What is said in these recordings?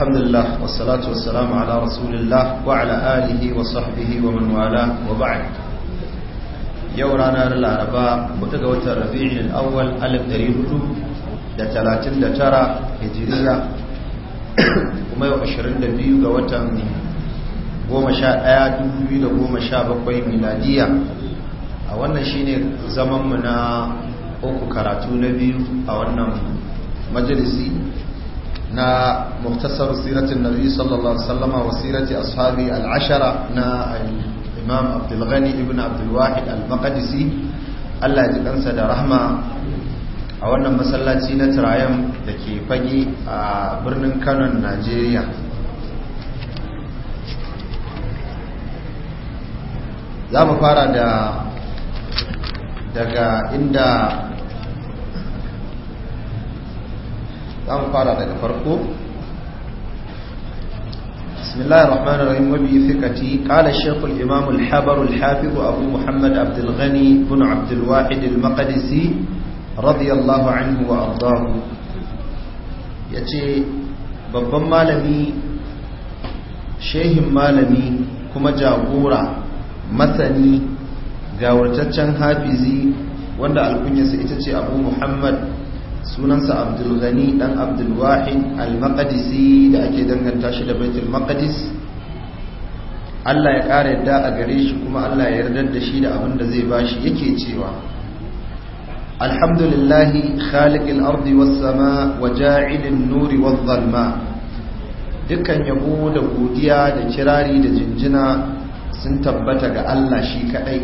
الحمد لله والصلاة والسلام على رسول الله وعلى آله وصحبه ومن والاه وبعد يورانا للعرباء متقوة الربيع الأول ألف دريهدو da talatin da tara hijiriya kuma yau ashirin da biyu ga watan goma sha ɗaya dubu biyu da goma sha bakwai miladiya a na uku na biyu a wannan majalisi na muktasar siratin nabi sallallahu alaihi wasallama wa sirati ashabi al-ashara na imam abdul ghani ibn abdul al-maqdisi Allah ya ji kansa da rahma a wannan masallaci na tirayen da ke fage a birnin kanon najeriya za mu fara da daga inda za fara daga farko بسم الله الرحمن الرحيم وبثقتي قال الشيخ الإمام الحبر الحافظ أبو محمد عبد الغني بن عبد الواحد المقدسي رضي الله عنه وأرضاه يتي babban malami shehin malami kuma jagora masani gawurtaccen hafizi wanda alkunyarsa ita ce abu sunansa abdulghani dan abdulwahid al-maqdisi da ake danganta shi da baitul maqdis Allah ya ƙara yadda a gare shi kuma Allah ya yarda da shi da abin da zai bashi yake cewa alhamdulillahi khaliqil ardi was sama wa an nuri waz zalma dukkan yabo da godiya da kirari da jinjina sun tabbata ga Allah shi kadai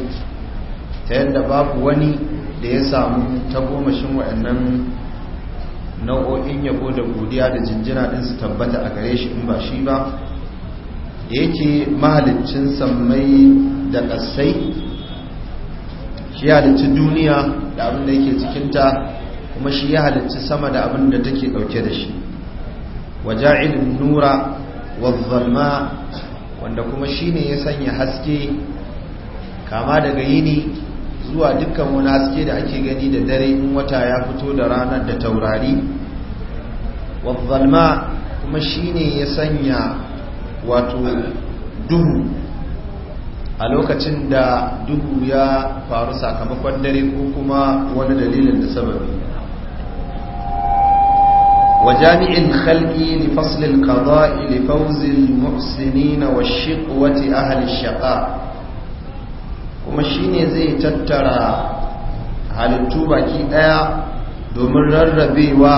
ta yadda babu wani da ya samu ta tagomashin waɗannan nau'o'in yabo da godiya da jinjina din su tabbata a gare shi in ba shi ba da yake mahalicin sammai da ƙasai shi halicci duniya da abin da yake cikinta kuma shi ya halicci sama da abin da take ɗauke da shi waja'ilin nura zalma wanda kuma shi ne ya sanya haske kama daga yini zuwa dukkan wani haske da ake gani da dare in wata ya fito da ranar da taurari wadzalma kuma shine ya sanya wato duhu a lokacin da duhu ya faru sakamakon dare ko kuma wani dalilin da sababi وجامع الخلق لفصل القضاء لفوز المحسنين والشقوة أهل الشقاء kuma shine zai tattara halittu baki ɗaya domin rarrabewa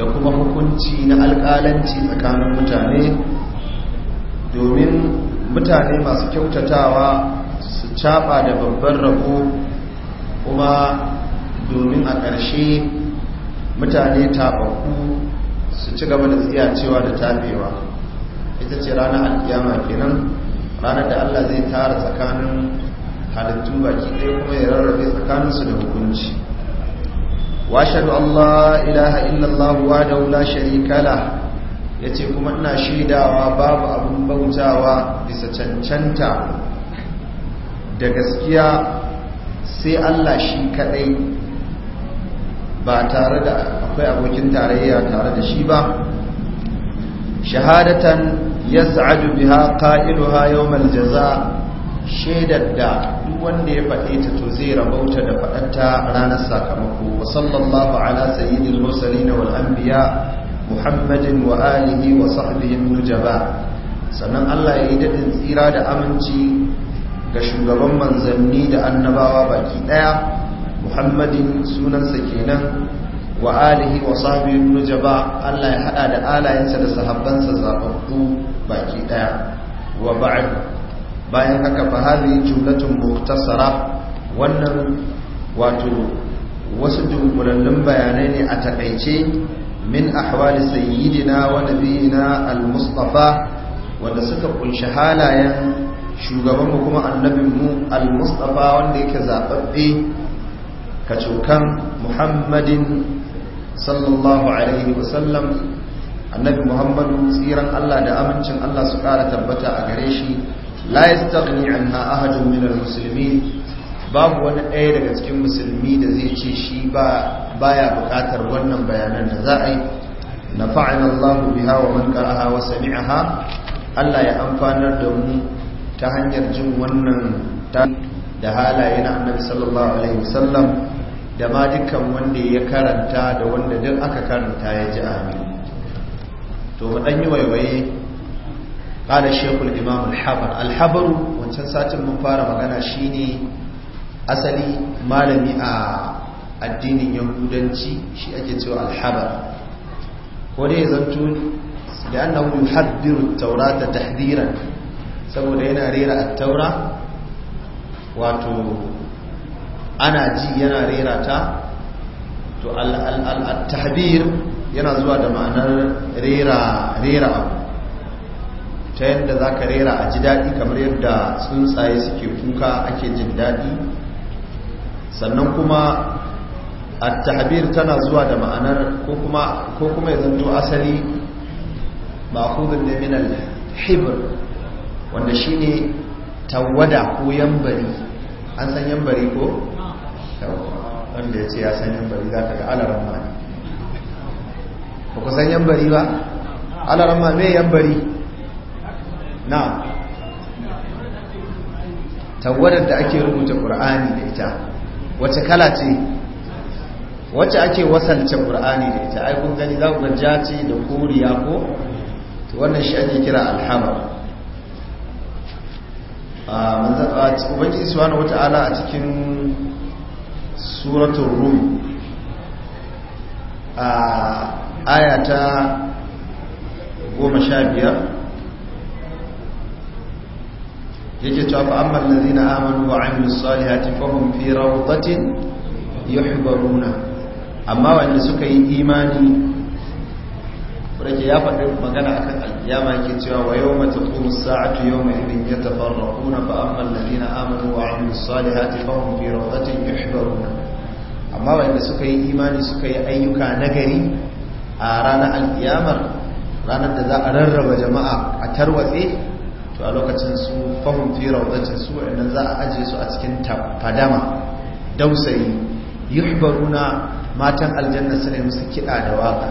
da kuma hukunci na alƙalanci tsakanin mutane domin mutane masu kyautatawa su caɓa da babban rabo kuma domin a ƙarshe mutane tabaku su ci gaba da cewa da taɓewa ita ce ranar alkiyama kenan ranar da allah zai tara tsakanin halittu baki ɗaya kuma ya rarrabe tsakaninsu da hukunci واشهد ان لا اله الا الله وحده لا شريك له yace kuma ina shaidawa babu abun bautawa bisa cancanta da gaskiya sai Allah shi kadai ba tare da akwai abokin tarayya tare da shi ba shahadatan yas'adu biha qailuha yawmal jazaa shaidar da wanda ya faɗe ta to zai rabauta da faɗanta ranar sakamako wa sallallahu ala sayyidil mursalin wal anbiya muhammadin wa alihi wa sahbihi nujaba sannan Allah ya yi dadin tsira da aminci ga shugaban manzanni da annabawa baki daya muhammadin sunansa kenan wa alihi wa sahbihi nujaba Allah ya hada da alayensa da sahabbansa zababbu baki daya wa ba'du bayan haka fa hadhihi jumlatun mukhtasara wannan wato wasu dunkulallun bayanai ne a takaice min ahwali sayyidina wa nabiyina al-mustafa wanda suka kunshi halayen shugabanmu kuma annabinmu al-mustafa wanda yake zababbe kacokan muhammadin sallallahu alaihi wasallam annabi muhammadu tsiran allah da amincin allah su kara tabbata a gare shi la yastaghni anha ahadun min almuslimin babu wani ɗaya daga cikin musulmi da zai ce shi ba baya bukatar wannan bayanan da za a yi nafa'ana Allahu biha wa man qara'aha wa sami'aha Allah ya amfanar da mu ta hanyar jin wannan da halaye na Annabi sallallahu alaihi wasallam da ma dukkan wanda ya karanta da wanda duk aka karanta ya ji amin to mu dan yi waiwaye قال الشيخ الإمام الحبر الحبر wancan satin mun fara magana shine asali malami a addinin yahudanci shi ake cewa alhabar ko dai zanto da annahu yuhaddiru at-taurata tahdiran saboda yana rera at-taura wato ana ji yana rera ta to al-tahdir yana zuwa da ma'anar rera rera ta yadda za ka rera a ji daɗi kamar yadda tsuntsaye suke kuka ake jin daɗi sannan kuma a tahabir tana zuwa da ma'anar ko kuma ya zanto asali ma'akudin da minal hibir wanda shi ne tawada ko yambari an san yambari ko? wanda ya ce ya san yambari za ka ga alarar ma ne ba ku san yambari ba? alarar ma mai yambari na tawadar da ake rubuta ƙur'ani da ita wace kala ce wacce ake wasalce kur'ani da ita ai kun gani za ku ga ce da koriya ko to wannan shi ake kira alhamar ubangiji subhanahu wata'ala a cikin suratun rum a ayata goma sha biyar yake cewa fa amma allazina amanu wa amilus salihati fahum fi rawdatin yuhbaruna amma wanda suka yi imani rake ya faɗi magana akan alkiyama yake cewa wa yawma taqumu as-sa'atu yawma idhin yatafarraquna fa amma allazina amanu wa amilus salihati fahum fi rawdatin yuhbaruna amma wanda suka yi imani suka yi ayyuka nagari a ranar alkiyamar ranar da za a rarraba jama'a a tarwatse to a lokacin su fahim fi rawdatin su wa'annan za a aje su a cikin fadama dausayi yuhbaruna matan aljanna su ne musu kiɗa da waka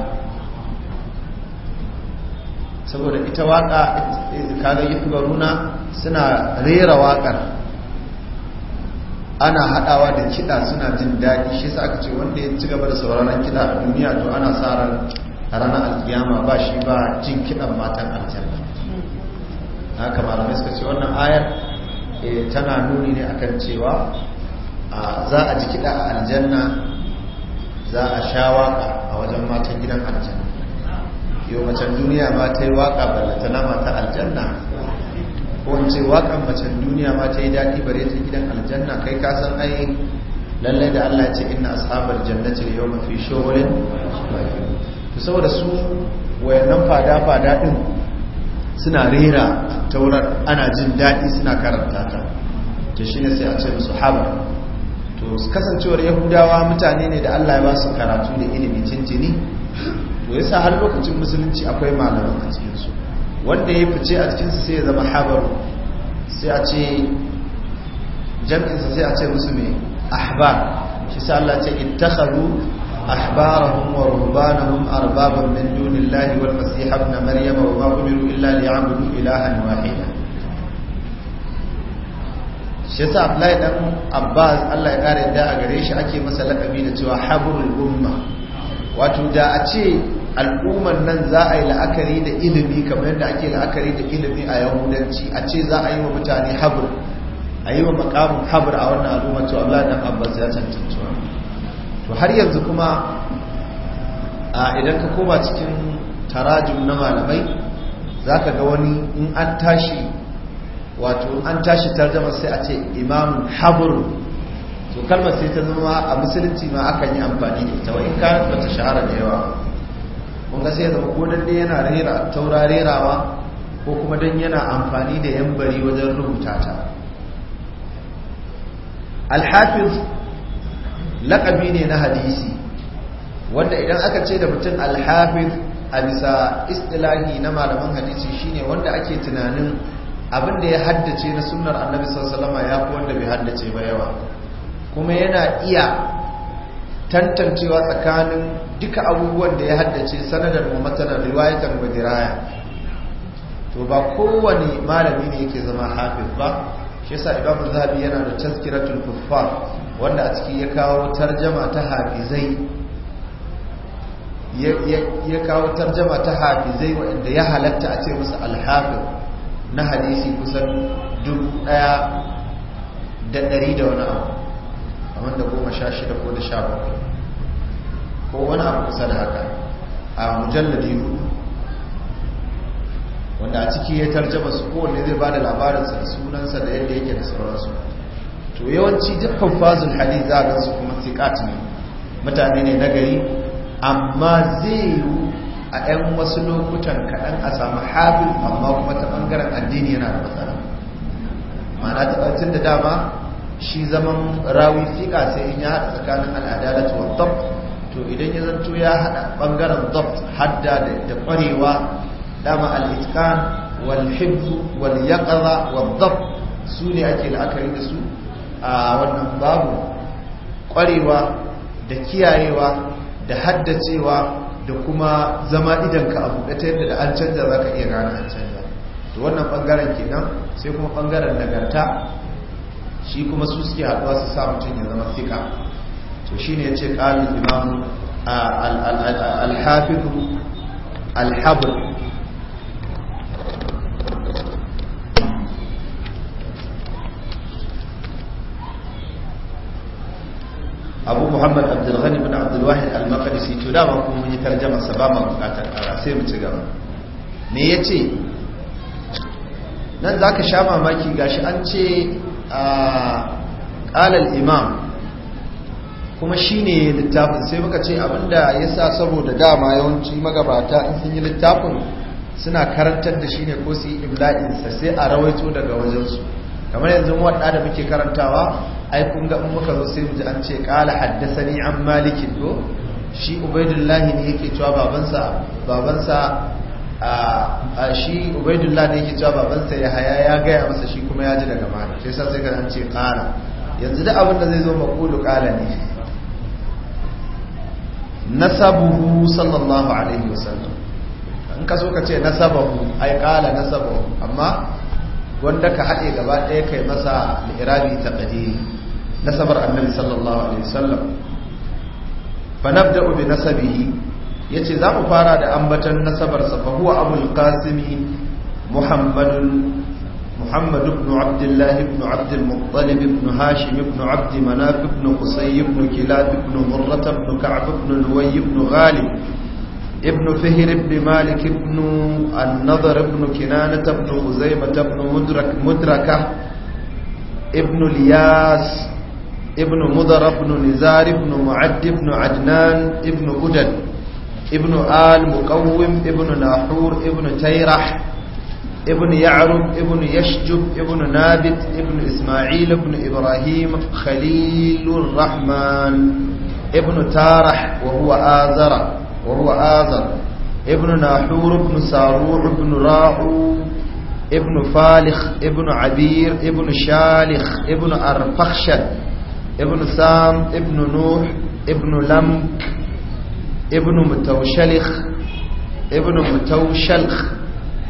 saboda ita waka kaga yuhbaruna suna rera wakar ana hadawa da kiɗa suna jin daɗi shi sa aka ce wanda ya ci gaba da sauraron kiɗa a duniya to ana sa ranar alkiyama ba shi ba jin kiɗan matan aljanna haka malamai suka ce wannan ayar eh, tana nuni ne akan cewa za a jiki da a aljanna za a sha waka a wajen matan gidan aljanna yau macen duniya ma ta yi waka nama ta aljanna ko in ce wakan macen duniya ma ta yi daɗi bare ta gidan aljanna kai ka san ai lallai da Allah ce inna ashabar jannati yau mafi shawulin to saboda su wayannan fada fada din suna rera taurar ana jin daɗi suna karanta ta ta shi ne sai a ce musu haɓar to kasancewar yahudawa mutane ne da allah ya ba su karatu da ilimi cincini to sa har lokacin musulunci akwai malaman a cikinsu wanda ya fice a cikinsu sai ya zama haɓar sai a ce jam'insa sai a ce musu mai ahbar shi sa allah ce ittakhadhu أحبارهم ورهبانهم أربابا من دون الله والمسيح ابن مريم وما أمروا إلا ليعبدوا إلها واحدا shi yasa Abdullahi dan Abbas Allah ya kare da a gare shi ake masa lakabi da cewa habrul umma wato da a ce al'ummar nan za a yi la'akari da ilimi kamar yadda ake la'akari da ilimi a yahudanci a ce za a yi wa mutane habr a yi wa makamin habr a wannan al'ummar to Allah dan Abbas ya cancanci to har yanzu kuma a idan ka koma cikin tarajin na malamai za ka ga wani in an tashi wato an tashi tarjama sai a ce imam habur to kalmar sai ta zama a musulunci ma akan yi amfani da ita wa in ba ta shahara da yawa kun ga sai zama ko dan yana rera taura rerawa ko kuma dan yana amfani da yan bari wajen rubuta ta al laƙabi ne na hadisi wanda idan aka ce da mutum alhafiz a bisa istilahi na malaman hadisi shine wanda ake tunanin abin da ya haddace na sunnar annabi sallama ya fi wanda bai haddace ba yawa kuma yana iya tantancewa tsakanin duka abubuwan da ya haddace sanadar mu matsalar riwayatar wa to ba kowane malami ne yake zama hafiz ba shi yasa imamu zabi yana da tazkiratul kuffar wanda a ciki ya kawo tarjama ta hafizai ya kawo tarjama ta hafizai wanda ya halatta a ce musu alhafin na hadisi kusan duk daya da dari da wani abu a wanda goma sha shida ko da sha bakwai ko wani abu kusa da haka a mujalladi hudu wanda a ciki ya tarjama su kowanne zai ba da labarinsa da sunansa da yadda yake da sauransu to yawanci dukkan fazil hadith za ga su kuma thiqat ne mutane ne nagari amma zai a ɗan wasu lokutan kaɗan a samu hafiz amma kuma ta ɓangaren addini yana da matsala ta tabbatin da dama shi zaman rawi fiƙa sai in ya haɗa tsakanin al'ada da tuwa dabt to idan ya zanto ya haɗa ɓangaren dabt hadda da ƙwarewa dama al'itkan wal hibzu wal yaqaza wal dab su ne ake la'akari da su a wannan babu ƙwarewa da kiyayewa da haddacewa da kuma zama idanka a buɗe ta yadda da an canza za ka iya gane an canza da wannan ɓangaren kenan sai kuma ɓangaren nagarta shi kuma su suke haɗuwa su sa mutum ya zama fika to shi ne ya ce ƙalin imamu alhafiru alhabir abu muhammad abdulghani bin abdulwahid al-maqdisi to da kuma mun yi tarjama sa ba mu bukatar kara sai mu ci gaba me yace nan zaka sha mamaki gashi an ce a qala imam kuma shine littafin sai muka ce abinda yasa saboda dama yawanci magabata in sun yi littafin suna karantar da shine ko su yi imla'insa sai a rawaito daga wajensu kamar yanzu wadda da muke karantawa ai kun ga in muka zo sai mu ji an ce qala haddathani an malikin to shi ubaidullah ne yake cewa babansa babansa a shi ubaidullah ne yake cewa babansa ya haya ya gaya masa shi kuma ya ji daga mana sai sai ka an ce qala yanzu da abin da zai zo maqulu qala ne nasabuhu sallallahu alaihi wasallam in ka so ka ce nasabahu ai qala nasabahu amma wanda ka haɗe gaba ɗaya kai masa al'irabi ta ƙadiri nasabar annabi sallallahu alaihi wasallam fa ubi bi yace za mu fara da ambatan nasabarsa fa huwa abul qasimi muhammadun محمد بن عبد الله بن عبد المطلب بن هاشم بن ibn مناف ibn قصي ibn كلاب بن مرة بن كعب بن ابن فهر بن مالك بن النضر بن كنانة بن خزيمة بن مدرك مدركة ابن الياس ابن مضر بن نزار بن معد بن عدنان ابن أجد ابن آل مقوم ابن ناحور ابن تيرح ابن يعرب ابن يشجب ابن نابت ابن إسماعيل ابن إبراهيم خليل الرحمن ابن تارح وهو آذر وهو آذر ابن ناحور ابن ساروع ابن راعو ابن فالخ ابن عبير ابن شالخ ابن أرفخشد ابن سام ابن نوح ابن لمك ابن متوشلخ ابن متوشلخ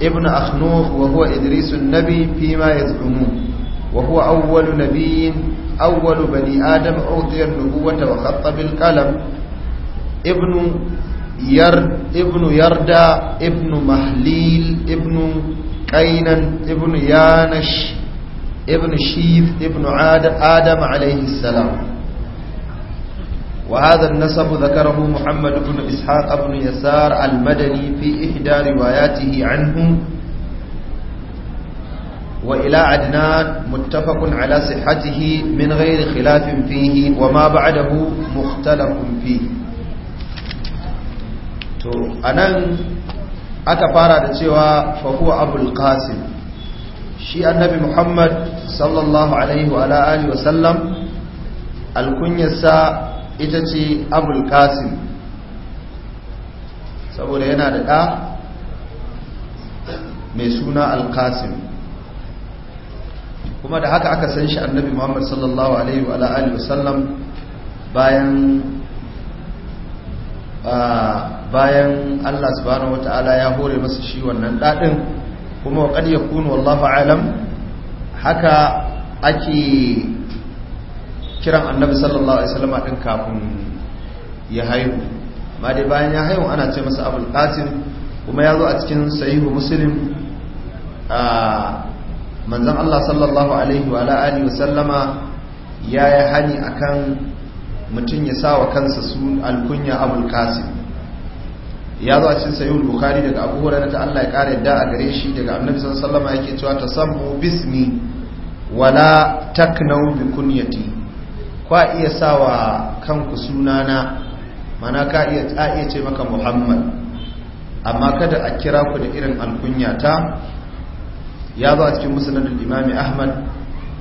ابن أخنوخ وهو إدريس النبي فيما يزعمون وهو أول نبي أول بني آدم أعطي النبوة وخط بالقلم ابن yar ibnu yarda ibnu mahlil ibnu qainan ibnu yanash ibnu shif ibnu adam alayhi salam وهذا النسب ذكره محمد بن إسحاق بن يسار المدني في إحدى رواياته عنه وإلى عدنان متفق على صحته من غير خلاف فيه وما بعده مختلف فيه to anan aka fara da cewa fahuwa abul qasim shi annabi muhammad sallallahu alaihi wa alihi wasallam alkunyarsa ita ce abul qasim saboda yana da ɗa mai suna alkasim kuma da haka aka san shi annabi muhammad sallallahu alaihi wa alihi wasallam bayan bayan Allah subhanahu wata'ala ya hore masa shi wannan daɗin kuma wa qad yakunu wallahu alam haka ake kiran annabi sallallahu alaihi wasallam din kafin ya haihu ma dai bayan ya haihu ana ce masa abul qasim kuma ya zo a cikin sahihu muslim a manzon Allah sallallahu alaihi wa alihi wasallama ya yi hani akan mutum ya sa wa kansa sun alkunya abul qasim ya zo a cikin sayyid bukari daga abu hurairah ta Allah ya kare yadda a gare shi daga annabi sallallahu sallama yake cewa tasammu bismi wala taknau bi kunyati kwa iya wa kanku sunana mana ka iya a iya ce maka muhammad amma kada a kira ku da irin alkunya ta ya zo a cikin musnad al ahmad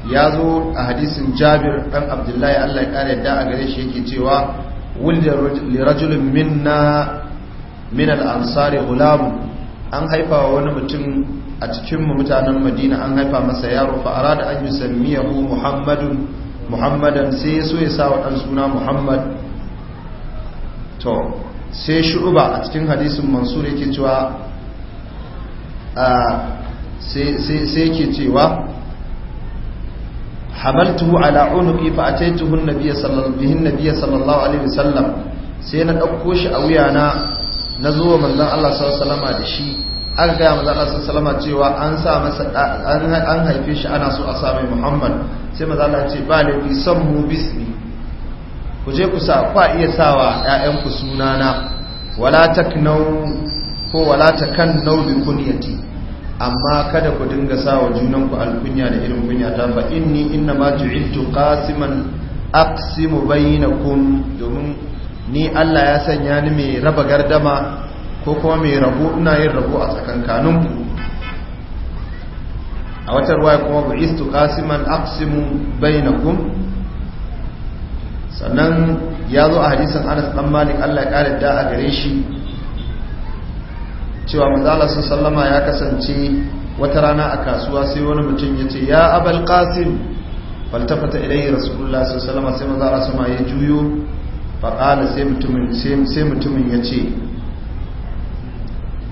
ya zo a hadisin jabir ɗan abdullahi allah ya ƙara yadda a gare shi yake cewa wulda lirajulun minna min al'ansari hulamu an haifa wa wani mutum a cikinmu mutanen madina an haifa masa yaro fa'ara da an yi sammiyahu muhammadun muhammadan sai ya so ya sa wa ɗan suna muhammad to sai ba a cikin hadisin mansur yake cewa sai yake cewa حملته على عنقي fa النبي صلى الله عليه وسلم an-nabiy sallallahu alaihi wasallam sai na dauko shi a wuyana na zo manzon Allah sallallahu da shi aka ga manzon Allah sallallahu alaihi wasallam cewa an sa masa an haife shi ana so a sa mai Muhammad sai manzon Allah ce ba laifi san mu bismi ku je ku sa kwa iya sawa ƴaƴan ku sunana wala taknau ko wala takannau bi kunyati amma kada ku dinga sa wa junanku alkunya da irin kunya ta ba inni inna ma ju'iltu qasiman aqsimu bainakum domin ni Allah ya sanya ni mai raba gardama ko kuma mai rabo ina yin rabo a ku a wata ruwaya kuma ku istu qasiman aqsimu bainakum sannan ya zo a hadisin Anas dan Malik Allah ya kare da a gare shi cewa manzala sun sallama ya kasance wata rana a kasuwa sai wani mutum ya ce ya abal kasim faltafata yi rasulullah sun sallama sai manzala sama ya juyo faɗaɗa sai mutumin ya ce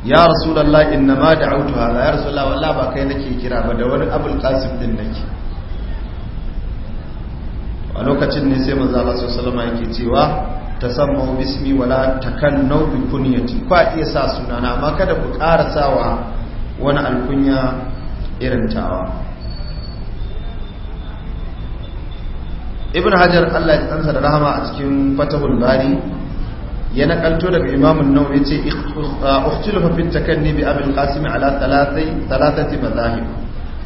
ya rasulallah inna ma da autu hala ya rasulallah wallah ba kai nake kira ba da wani abal kasim din nake a lokacin ne sai manzala sun sallama yake cewa tasammau bismi wala takannau bi kunyati kwa iya sa sunana amma kada ku ƙara sawa wani alkunya irin tawa ibn hajar Allah ya tsansa da rahama a cikin fatahul bari ya nakalto daga imam an-nawawi yace ikhtilafu fi takanni bi abul qasim ala thalathai thalathati mazahib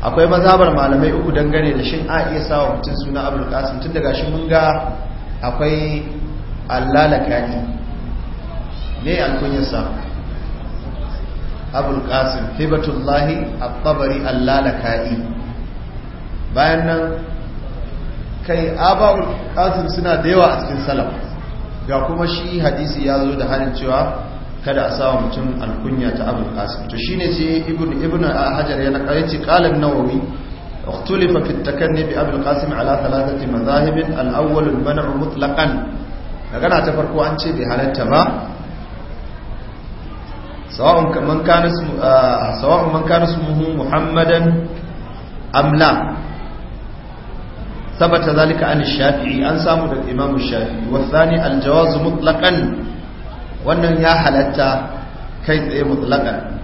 akwai mazhabar malamai uku dangane da shin a iya sawa mutum suna abul qasim tun daga shi mun ga akwai allalakani ne alkunyarsa abul qasim hibatullahi at-tabari allalakani bayan nan kai abul qasim suna da yawa a cikin salaf ga kuma shi hadisi ya zo da halin cewa kada a sawa mutum alkunya ta abul qasim to shine sai ibnu ibnu hajar ya nakare ce qalan nawawi اختلف في التكني بأبي القاسم على ثلاثة مذاهب الأول المنع مطلقا magana ta farko an ce bai halatta ba sawa'un man kana ah, sawa'un muhammadan amla ثبت ذلك an samu daga imam shafi'i والثاني الجواز مطلقا wannan ya halatta kai tsaye mutlaqan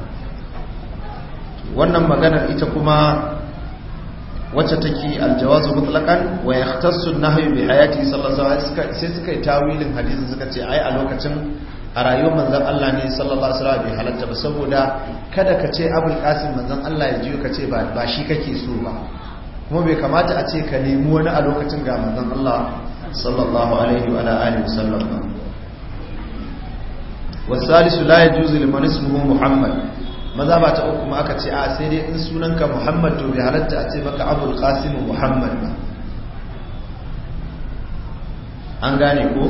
wannan maganar ita kuma wacce take aljawazu mutlaqan wa yahtassu an-nahyu bi hayati sallallahu alaihi wasallam sai suka yi tawilin hadisin suka ce ai a lokacin a rayuwar manzon Allah ne sallallahu alaihi wasallam bai halatta ba saboda kada ka ce abul qasim manzon Allah ya jiyo ka ce ba ba shi kake so ba kuma bai kamata a ce ka nemi wani a lokacin ga manzon Allah sallallahu alaihi wa alihi wasallam Salisu la yajuzu liman ismuhu muhammad maza ba ta uku ma aka ce a sai dai in sunanka muhammad to bai halatta a ce maka abul qasim muhammad ba an gane ko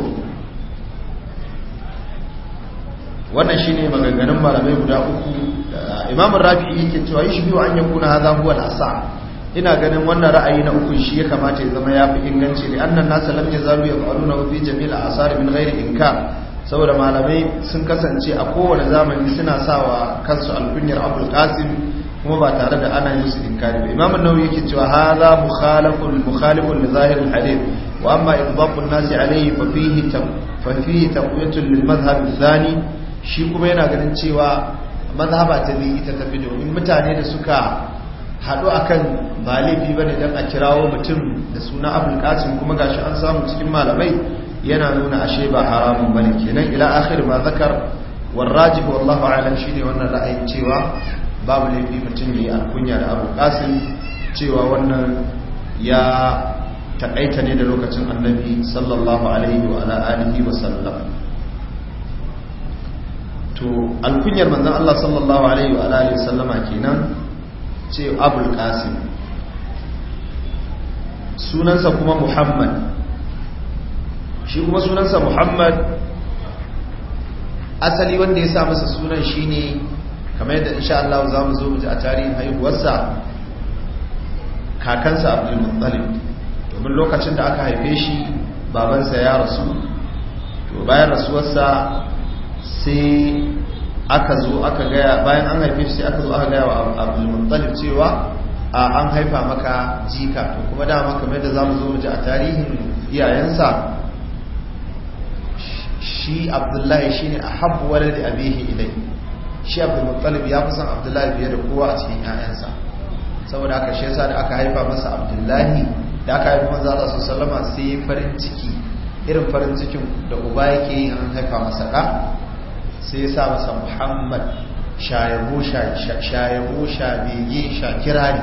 wannan shine maganganun malamai guda uku imam rafi'i yake cewa shi biyu an yakuna haza huwa na asa ina ganin wannan ra'ayi na uku shi ya kamata ya zama yafi inganci ne annan nasu ya yazalu yaquluna fi jami'il asar min ghairi inkar saboda malamai sun kasance a kowane zamani suna sawa kansu alkunyar abul kuma ba tare da ana musu inkari ba imam an-nawawi yake cewa hadha mukhalafun mukhalifun li zahir al-hadith wa amma in an-nas alayhi fa fihi fa fihi taqwiyatun lil madhhab ath shi kuma yana ganin cewa mazhaba ta bi ita tafi domin mutane da suka haɗu akan ba laifi bane dan a kirawo mutum da suna abul kuma kuma gashi an samu cikin malamai yana nuna ashe ba haramun bane kenan ila akhir ma zakar warrajibu wallahu a'lam shine wannan ra'ayin cewa babu laifi mutum yayi alkunya da Abu Qasim cewa wannan ya takaita ne da lokacin Annabi sallallahu alaihi wa ala alihi wa sallam to alkunyar manzon Allah sallallahu alaihi wa ala alihi wa sallama kenan ce Abu Qasim sunansa kuma Muhammad shi kuma sunansa muhammad asali wanda ya sa masa sunan shine kamar yadda insha Allah za mu zo mu ji a tarihin haihuwarsa kakansa abdul muttalib domin lokacin da aka haife shi babansa ya rasu to bayan rasuwarsa sai aka zo aka gaya bayan an haife shi aka zo aka gaya wa abdul muttalib cewa an haifa maka jika to kuma dama kamar yadda za mu zo mu ji a tarihin iyayensa shi abdullahi shi ne a habbu walad abihi ilai shi abdulmuttalib ya fi son abdullahi biyar da kowa a cikin 'ya'yansa saboda aka shi yasa da aka haifa masa abdullahi da aka haifa manzo Allah sallama sai farin ciki irin farin cikin da uba yake yi an haifa masa ka sai ya sa masa muhammad shayabu shabege shakirari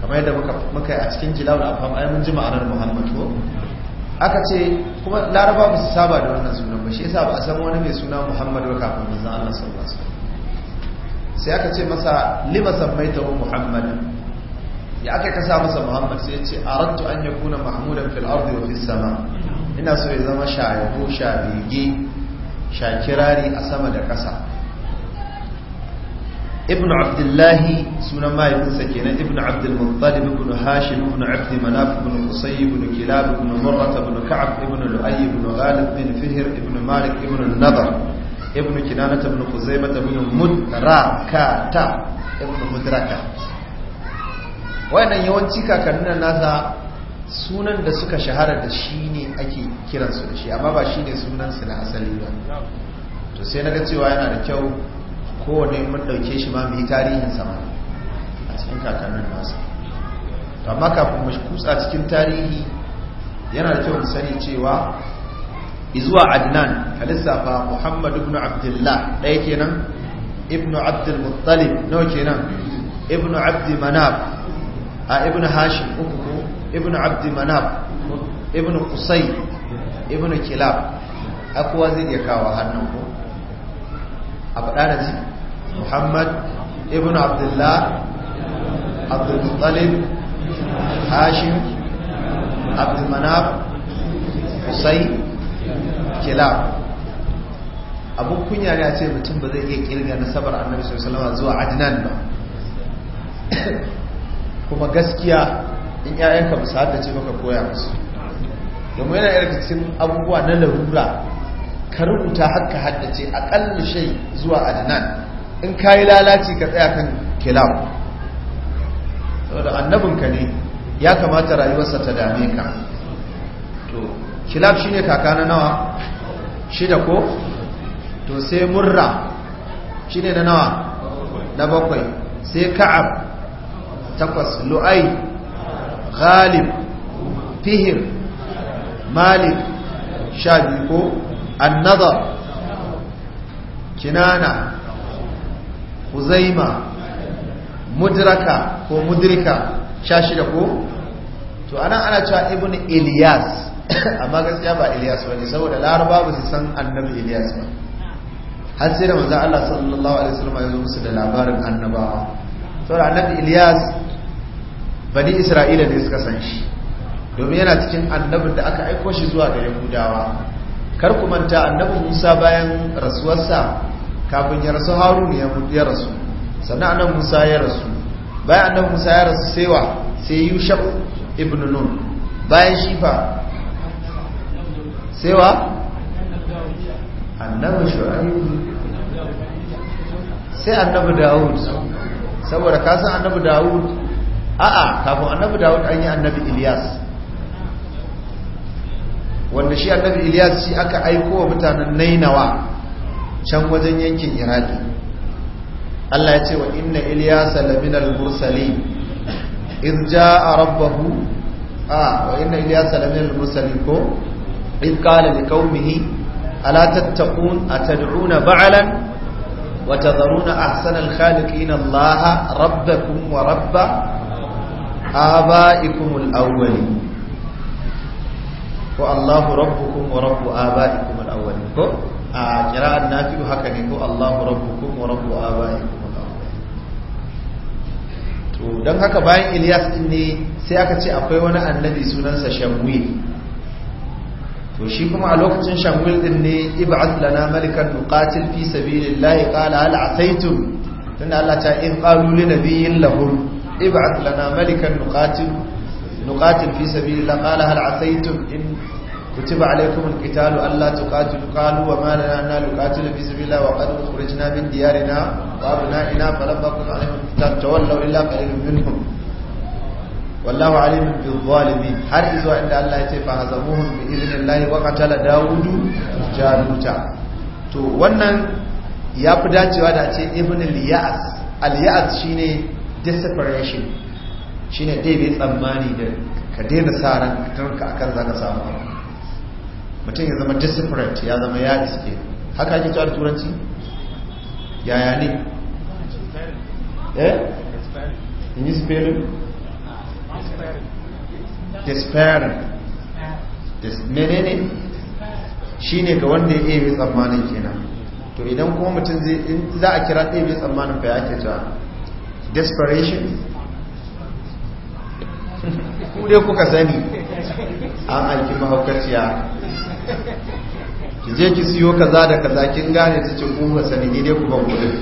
kamar yadda muka yi a cikin jilawar a ai mun ji ma'anar aka ce kuma laraba ba su saba da wannan sunan ba shi yasa ba a san wani mai suna muhammad ba kafin manzon Allah sallallahu alaihi sai aka ce masa lima sammaitahu muhammad ya aka kasa masa muhammad sai ya ce aradtu an yakuna kuna fil ardi wa fis sama ina so ya zama shayabo shabege shakirari a sama da kasa ibn abdullahi sunan mahaifinsa kenan ibn abdul muttalib ibn hashim ibn abd manaf ibn qusay ibn kilab ibn murrah ibn ka'ab ibn lu'ay ibn ghalib ibn fihr ibn malik ibn nadar ibn kinanah ibn khuzaimah ibn mudrakata ibn mudraka wayannan yawanci kakannin nasa sunan da suka shahara da shi ne ake kiransu da shi amma ba shi ne sunansu na asali ba to sai na ga cewa yana da kyau kowane mun ɗauke shi ma mu yi tarihin sama a cikin kakannin nasa ta maka kuma mu kutsa cikin tarihi yana da kyau sani cewa izuwa adnan ka lissafa muhammad ibn abdullah ɗaya kenan ibn abdul muttalib nawa kenan ibn abdul manab a ibn hashim uku ko ibn abdul manab ibn qusay ibn kilab akwai zai iya kawo hannun ku a faɗa da muhammad ibn abdullah abdulmuttalib hashim abdulmanaf husai kilab abu kunya ne a ce mutum ba zai iya kirga nasabar annabi sallallahu zuwa adnan ba kuma gaskiya in 'ya'yanka ba su haddace maka koya musu domin yana yarda cikin abubuwa na larura ka rubuta haka haddace aƙalla shai zuwa adnan in ka yi lalaci ka tsaya kan kilab saboda annabinka ne ya kamata rayuwarsa ta dame ka to kilab shine kaka na nawa shida ko to sai murra shine na nawa na bakwai sai ka'ab takwas lu'ai ghalib fihir malik sha biyu ko annadar kinana huzaima mudraka ko mudrika sha shida ko to anan ana cewa ibn ilyas amma gaskiya ba ilyas ba saboda laraba ba su san annabi ilyas ba har sai da manzo Allah sallallahu alaihi wasallam ya zo musu da labarin annabawa saboda annabi ilyas bani isra'ila ne suka san shi domin yana cikin annabin da aka aiko shi zuwa ga yahudawa kar ku manta annabi musa bayan rasuwarsa kafin ya rasu harun ya rasu sannan annan musa ya rasu bayan annan musa ya rasu sewa sai yushab ibn nun bayan shifa sewa annabi shu'aibu sai annabi dawud saboda kasan annabi dawud a'a kafin annabi dawud an yi annabi ilyas wanda shi annabi ilyas shi aka aiko wa mutanen nainawa can wajen yankin iraki Allah ya ce wa inna iliyasa lamin al-mursali iz jaa rabbahu a wa inna iliyasa lamin al-mursali ko iz qala liqaumihi ala tattaqun atad'una ba'lan wa tadharuna ahsana al-khaliqin Allah rabbakum wa rabba abaikum al-awwalin wa Allahu rabbukum wa rabbu abaikum al-awwalin ko a kira'ar nafi'u haka ne ko Allahu rabbukum wa rabbu abaikum to don haka bayan Ilyas din ne sai aka ce akwai wani annabi sunansa Shamwil to shi kuma a lokacin Shamwil din ne ib'ath lana malikan nuqatil fi sabilillah qala hal asaytum tunda Allah ta in qalu li nabiyyin lahum ib'ath lana malikan nuqatil nuqatil fi sabilillah qala hal asaytum in كتب عليكم القتال ألا تقاتلوا قالوا وما لنا أن نقاتل في سبيل وقد أخرجنا من ديارنا وأبنائنا فلما كنا عليهم القتال تولوا إلا قليل منهم والله عليم بالظالمين har izuwa inda Allah ya ce fa hazamuhum bi idnillahi wa qatala daudu jaluta to wannan ya dacewa da ce ibn al-ya'as al-ya'as shine desperation shine dai bai tsammani da ka daina sa ran kanka akan zaka samu mutum ya zama desperate ya zama ya iske haka ake cewa da turanci yaya ne eh in yi spelling despairing menene shi ne ga wanda ya ebe tsammanin kenan to idan kuma mutum zai za a kira ebe tsammanin fa ya ke cewa desperation ku dai kuka sani an aiki mahaukaciya ki je ki siyo kaza da kaza kin gane ta ce kuma sani ni dai ku ban kudin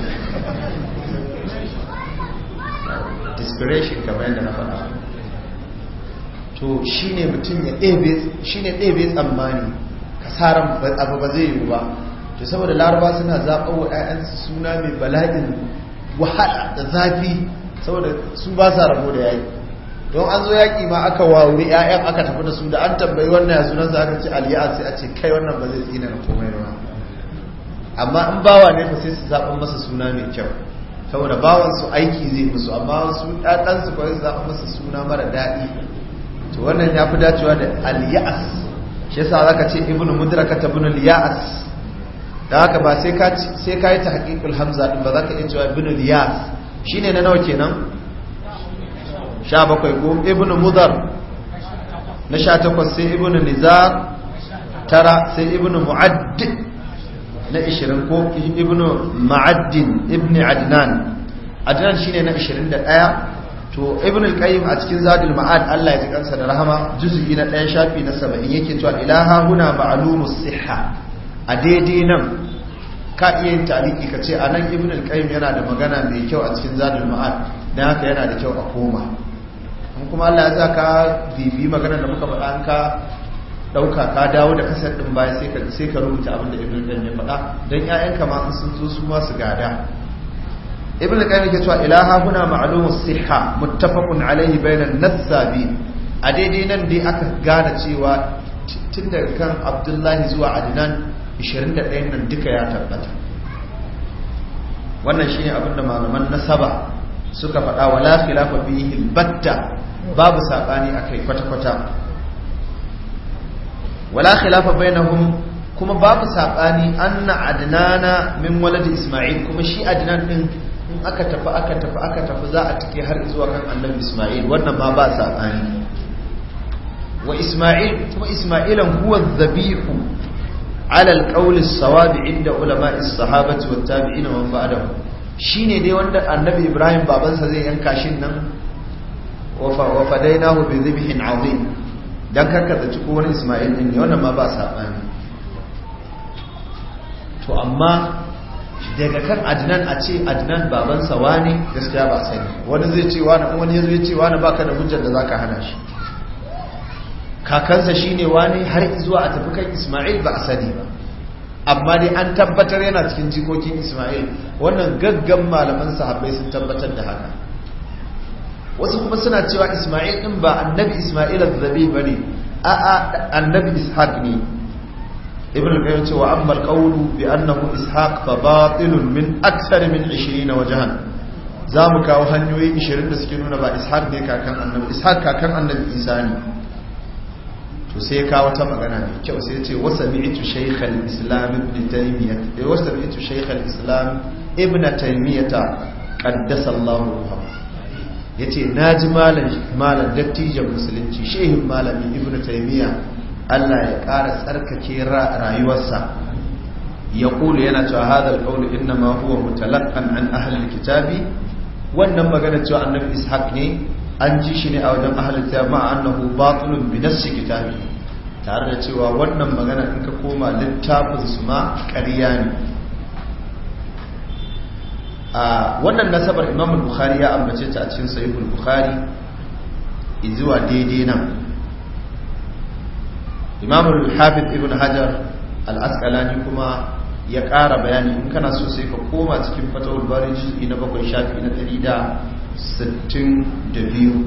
kamar yadda na faɗa to shi ne mutum ya ɗebe ne ɗebe tsammani kasaran abu ba zai yiwu ba to saboda laraba suna zaɓa wa 'ya'yansu suna mai bala'in wahala da zafi saboda su ba sa rabo da yayi don an zo yaƙi ma aka wawuri 'ya'yan aka tafi da su da an tambayi wannan ya sunan aka ce aliya sai a ce kai wannan ba zai tsina na komai ba amma in bawa ne fa sai su zaɓa masa suna mai kyau saboda bawan su aiki zai musu amma su ɗaɗan su kawai su zaɓa masa suna mara daɗi to wannan ya fi dacewa da aliyas shi yasa ka ce ibnu mudraka ibnu liyas da haka ba sai ka yi ta haƙiƙul hamza ɗin ba za ka iya cewa ibnu liyas shine na nawa kenan sha bakwai ibn mudar na sha takwas sai ibn nizar tara sai ibn mu'addi na ishirin ko ibn ma'addin ibn adnan adnan shine na ishirin da ɗaya to ibn al-qayyim a cikin zadul ma'ad Allah ya ji kansa da rahama juz'i na ɗaya shafi na saba'in yake cewa ilaha huna ma'lumus sihha a daidai nan ka iya yin taliki ka ce a nan ibn al-qayyim yana da magana mai kyau a cikin zadul ma'ad dan haka yana da kyau a koma kuma Allah ya zaka ka bibi magana da muka faɗa an ka dauka ka dawo da kasar din baya sai ka sai ka rubuta abin da ibnu qayyim ya faɗa dan ƴaƴan ka ma sun zo su ma su gada ibnu qayyim yake cewa ilaha huna ma'lumus sihha muttafaqun alayhi bainan nasabi a daidai nan dai aka gane cewa tun daga kan abdullahi zuwa adnan 21 nan duka ya tabbata wannan shine abin da malaman nasaba suka faɗa wala khilafa fihi batta babu saɓani a kai kwata-kwata wala khilafa bainahum kuma babu saɓani anna adnana min waladi isma'il kuma shi adnan din in aka tafi aka tafi aka tafi za a tike har zuwa kan annabi isma'il wannan ma ba saɓani wa isma'il kuma isma'ilan huwa dhabihu ala alqawl as-sawab inda ulama as-sahabati wat tabi'in wa ba'dahum shine dai wanda annabi ibrahim babansa zai yanka shin nan wa fadainahu bi zibhin azim dan karka zaci ko wani Isma'il din wannan ma ba sabani to amma daga kan Adnan a ce Adnan baban sa wani gaskiya ba sai wani zai ce wani wani zai ya ce wani baka da hujjar da zaka hana shi kakansa shine wani har zuwa a tafi kan Isma'il ba a ba amma dai an tabbatar yana cikin jikokin Isma'il wannan gaggan malaman sahabbai sun tabbatar da haka wasu kuma suna cewa Isma'il din ba annabi Isma'il az-Zabi bane a a annabi Ishaq ne Ibn al-Qayyim cewa amma al-qawlu bi annahu Ishaq fa batilun min akthar min 20 wajhan mu kawo hanyoyi 20 da suke nuna ba Ishaq ne kakan annabi Ishaq kakan annabi Isa ne to sai ya kawo ta magana mai kyau sai ya ce wasa bi'itu shaykhal islam ibn taymiyyah eh, wasa bi'itu shaykhal islam ibn taymiyyah qaddasa Allahu ruhahu ya ce na ji malam dattijan musulunci shehin malami ibn taimiyya allah ya ƙara tsarkake rayuwarsa ya kulu yana cewa hadar ƙaunu inna ma huwa mutalaqqan an ahalar kitabi wannan magana cewa annabi ishaq ne an ji shi ne a wajen ahalar ta ma annahu batilun bi kitabi tare da cewa wannan magana in ka koma littafin su ma ƙarya ne a wannan nasabar imam bukhari ya ambace ta a cikin sahihul bukhari izuwa daidai nan imam al-hafiz ibn hajar al-asqalani kuma ya ƙara bayani in kana so sai ka koma cikin fatawul bari juz'i na bakwai shafi na ɗari da sittin da biyu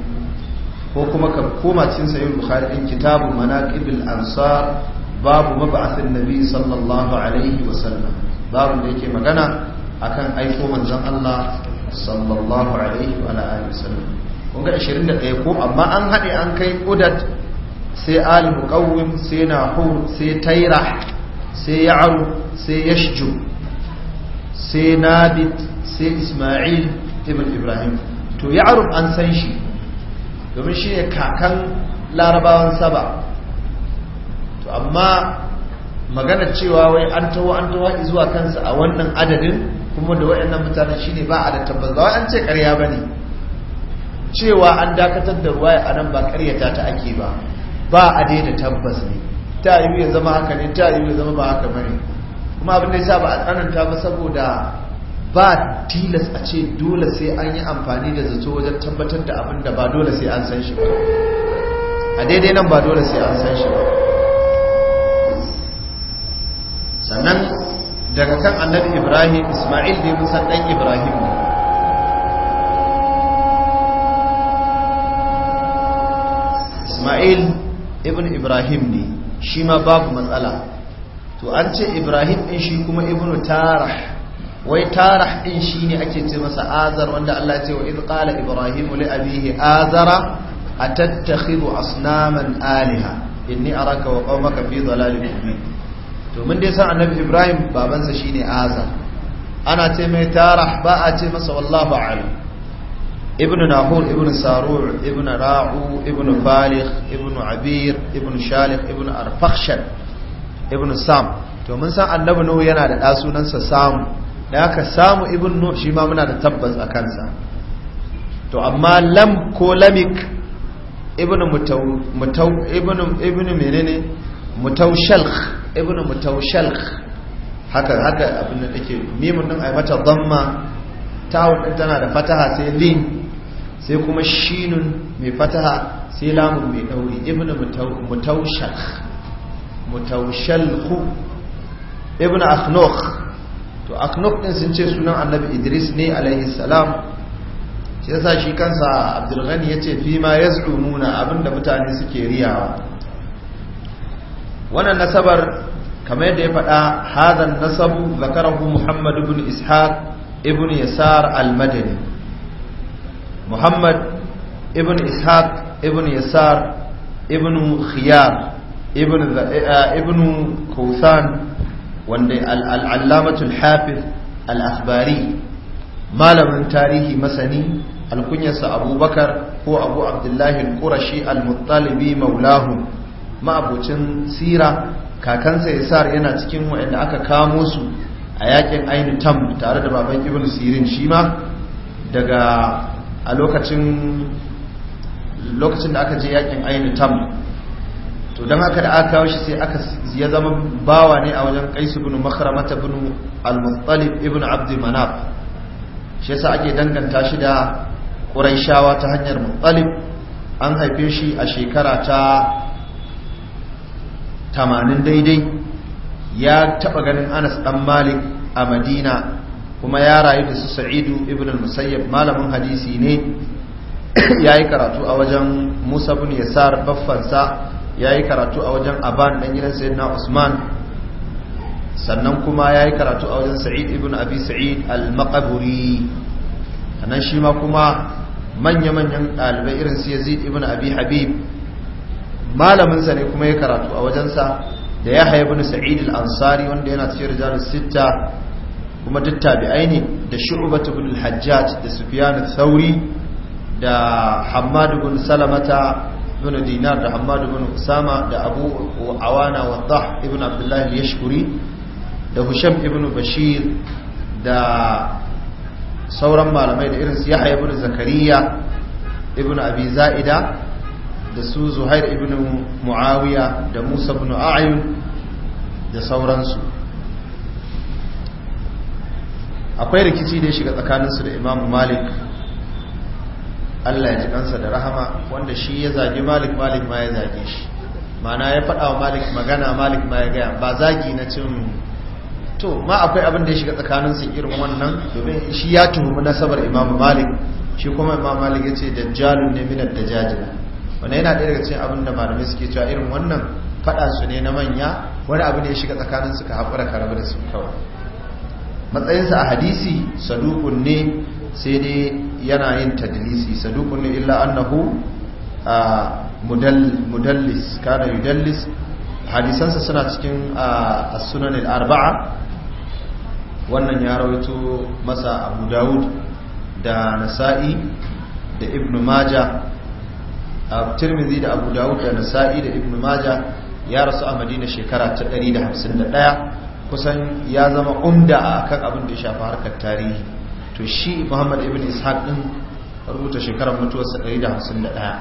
ko kuma ka koma cikin sayin bukhari ɗin kitabu manaƙibul ansar babu maba'athin nabi sallallahu alaihi wasallam babu da yake magana akan aiko manzon Allah sallallahu alaihi wa alihi wasallam kun ga 21 ko amma an hade an kai udat sai al muqawwim sai nahur sai taira sai ya'ru sai yashju sai nabit sai isma'il ibn ibrahim to ya'ru an san shi domin shi ne kakan larabawan saba to amma magana cewa wai an tawo an tawo zuwa kansa a wannan adadin kuma da waɗannan mutanen shine ba a da tabbas ba an ce ba bane cewa an dakatar da ruwaya a nan ba karyata ta ake ba ba a daina tabbas ne ta yi ya zama haka ne ta yi ya zama ba haka bane kuma abin da sa ba a tsananta ba saboda ba tilas a ce dole sai an yi amfani da zato wajen tabbatar da abin da ba dole sai an san shi ba a daidai nan ba dole sai an san shi ba sannan daga kan annabi ibrahim isma'il ne mun dan ibrahim ne isma'il ibn ibrahim ne shi ma babu matsala to an ce ibrahim ɗin shi kuma ibn tarah wai tarah ɗin shi ne ake ce masa azar wanda allah ce wa idh qala ibrahim li abihi azara atattakhidhu asnaman aliha inni araka wa qaumaka fi dhalalin mubin to mun dai san annabi ibrahim babansa shine azar ana ce mai tarah ba a ce masa wallahu alim ibn nahur ibn sarur ibn ra'u ibn falih ibn abir ibn shalih ibn arfakhshan ibn sam to mun san annabi nuhu yana da sa samu da aka samu ibn nuh shi ma muna da tabbas a kansa to amma lam ko lamik ibn mutaw ibn ibn menene shalkh ibn mutawshal haka haka abin da take mimun din ai mata dhamma ta tana da fataha sai lin sai kuma shinun mai fataha sai lamun mai dauri ibn mutawshal mutawshalhu ibn akhnukh to akhnukh din sun ce sunan annabi idris ne alaihi salam sai sa shi kansa abdul ghani yace fi ma yaz'umuna abinda mutane suke riyawa wannan nasabar kamar yadda ya faɗa hadan nasabu zakarahu muhammad ibn ishaq ibn yasar al-madani muhammad ibn ishaq ibn yasar ibn khiyar ibn eh, ibn kausan wanda al-allamatul hafiz al-akhbari malamin tarihi masani alkunyarsa abubakar ko abu abdullahi al-qurashi al-muttalibi maulahum ma'abucin sira kakansa sa yana cikin wa'anda aka kamo su a yakin ainihin tam tare da baban ibn sirin shi ma daga a lokacin da aka je yakin ainihin tam to don haka da aka kawo shi sai aka ya zama bawa ne a wajen kaisu bin makaramata bin al-muttalib ibn abdulmanaf shi yasa ake danganta shi da ƙuraishawa ta hanyar muttalib an haife shi a shekara ta tamanin daidai ya taɓa ganin anas ɗan malik a madina kuma ya rayu da su sa'idu ibn al-musayyab malamin hadisi ne ya yi karatu a wajen musa bin yasar baffansa ya yi karatu a wajen aban ɗan gidan sayin na usman sannan kuma ya yi karatu a wajen sa'id ibn abi sa'id al-maqaburi sannan shi ma kuma manya-manyan ɗalibai irin su yazid ibn abi habib malaminsa ne kuma ya karatu a wajensa da ya haya sa'id al-ansari wanda yana cikin rijalus sitta kuma duk tabi'ai ne da shu'bat al-hajjaj da sufyan al-thauri da hammad bin salamata bin dinar da hammad bin usama da abu awana wa dah ibn abdullah al-yashkuri da husham ibn bashir da sauran malamai da irin su yahya ibn zakariya ibn abi za'ida da su zuhair ibn muawiya da musa ibn a'yun da sauransu akwai rikici da ya shiga tsakaninsu da imam malik allah ya ji kansa da rahama wanda shi ya zagi malik malik ma ya zage shi mana ya faɗa wa malik magana malik ma ya gaya ba zagi na cin to ma akwai abin da ya shiga tsakaninsu irin wannan domin shi ya tuhumi nasabar imam malik shi kuma imam malik ya ce dajjalun ne minar dajajila wanda yana ɗaya daga cikin abin da malamai suke cewa irin wannan faɗa su ne na manya wani abu ne ya shiga tsakanin su ka haƙura karamar da su kawai matsayinsa a hadisi sadukun ne sai dai yana yin tadlisi sadukun ne illa annahu a mudallis kana yudallis hadisansa suna cikin a sunan al'arba'a arbaa wannan ya rawaito masa abu dawud da nasa'i da ibnu maja a tirmidhi da abu dawud da nasa'i da Ibn maja ya rasu a madina shekara ta 151 kusan ya zama umda a kan abin da ya shafi harkar tarihi to shi muhammad ibn ishaq din rubuta shekarar mutuwarsa 151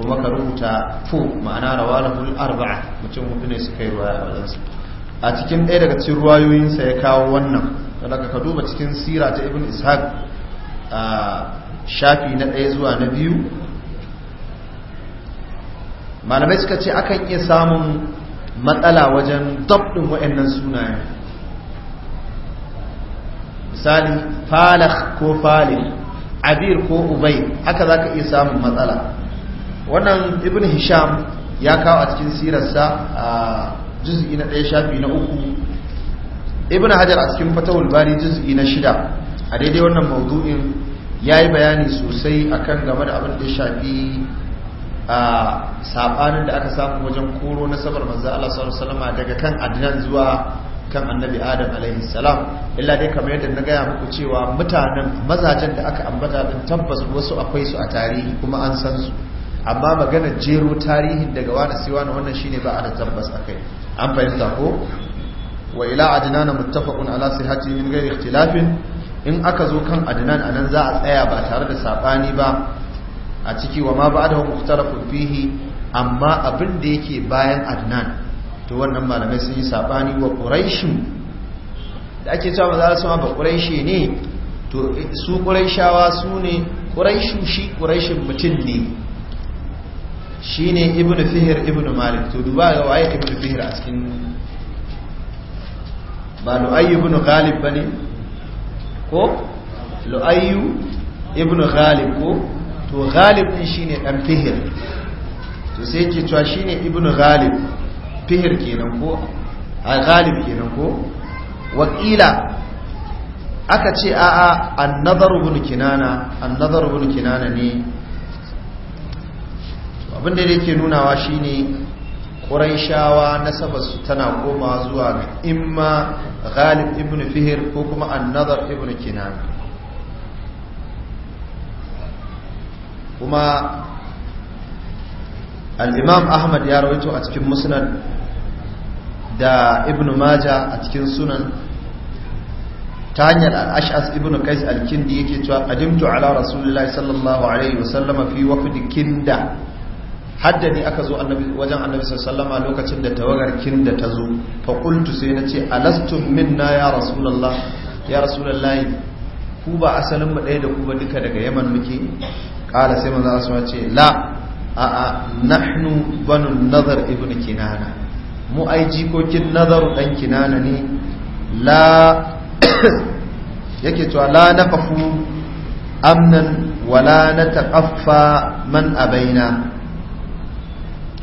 kuma ka rubuta fu ma'ana rawalahul arba'a mutum hudu ne suka yi ruwaya a wajensu a cikin ɗaya daga cikin ruwayoyinsa ya kawo wannan daga ka duba cikin sira ta ibn ishaq a shafi na ɗaya zuwa na biyu malamai suka ce akan iya samun matsala wajen dabdin wa'annan sunayen misali falak ko falil abir ko ubai haka za ka iya samun matsala wannan ibn hisham ya kawo a cikin sirarsa a juz'i na ɗaya shafi na uku ibn hajar a cikin fatawul bari juz'i na shida a daidai wannan maudu'in ya yi bayani sosai akan game da abin da shafi a sabanin da aka samu wajen koro na sabar manzo Allah sallallahu alaihi daga kan adnan zuwa kan annabi adam alaihi salam illa dai kamar yadda na gaya muku cewa mutanen mazajen da aka ambata din tabbas wasu akwai su a tarihi kuma an san su amma magana jero tarihin daga wani siwa wani wannan shine ba a da tabbas akai an fahimta ko wa ila adnan muttafaqun ala sihhati min ghairi ikhtilafin in aka zo kan adnan anan za a tsaya ba tare da sabani ba a ciki wa ma ba'dahu mukhtalafun fihi amma abin da yake bayan Adnan to wannan malamai sun yi sabani wa Quraish da ake cewa maza su ba Quraish ne to su Quraishawa su ne Quraish shi Quraish mutum ne Shi ne Ibn Fihr Ibn Malik to duba ga waye Ibn Fihr a cikin ba Lu'ayyu ibn Ghalib bane ko Lu'ayyu ibn Ghalib ko to ghalib din shine dan fihir to sai yake cewa shine ibnu ghalib fihir kenan ko a ghalib kenan ko wakila aka ce a'a annadar bin kinana annadar bin kinana ne abin da yake nunawa shine quraishawa nasabarsu tana koma zuwa ga imma ghalib ibn fihir ko kuma annadar ibnu kinana kuma al ahmad ya rawaito a cikin musnad da ibn maja a cikin sunan ta hanyar al'ashas ibn kais al-kindi yake cewa qadimtu ala rasulullahi sallallahu alaihi wasallam fi wafdi kinda haddani aka zo wajen annabi sallama lokacin da tawagar kinda ta zo fa qultu sai nace alastum minna ya rasulullah ya rasulullah ku ba asalin mu ɗaya da ku ba duka daga yaman muke ƙara sai manzo asma ce la a a nahnu banu nazar ibnu kinana mu ai jikokin nazar dan kinana ne la yake cewa la nafafu amnan wala nataqaffa man abaina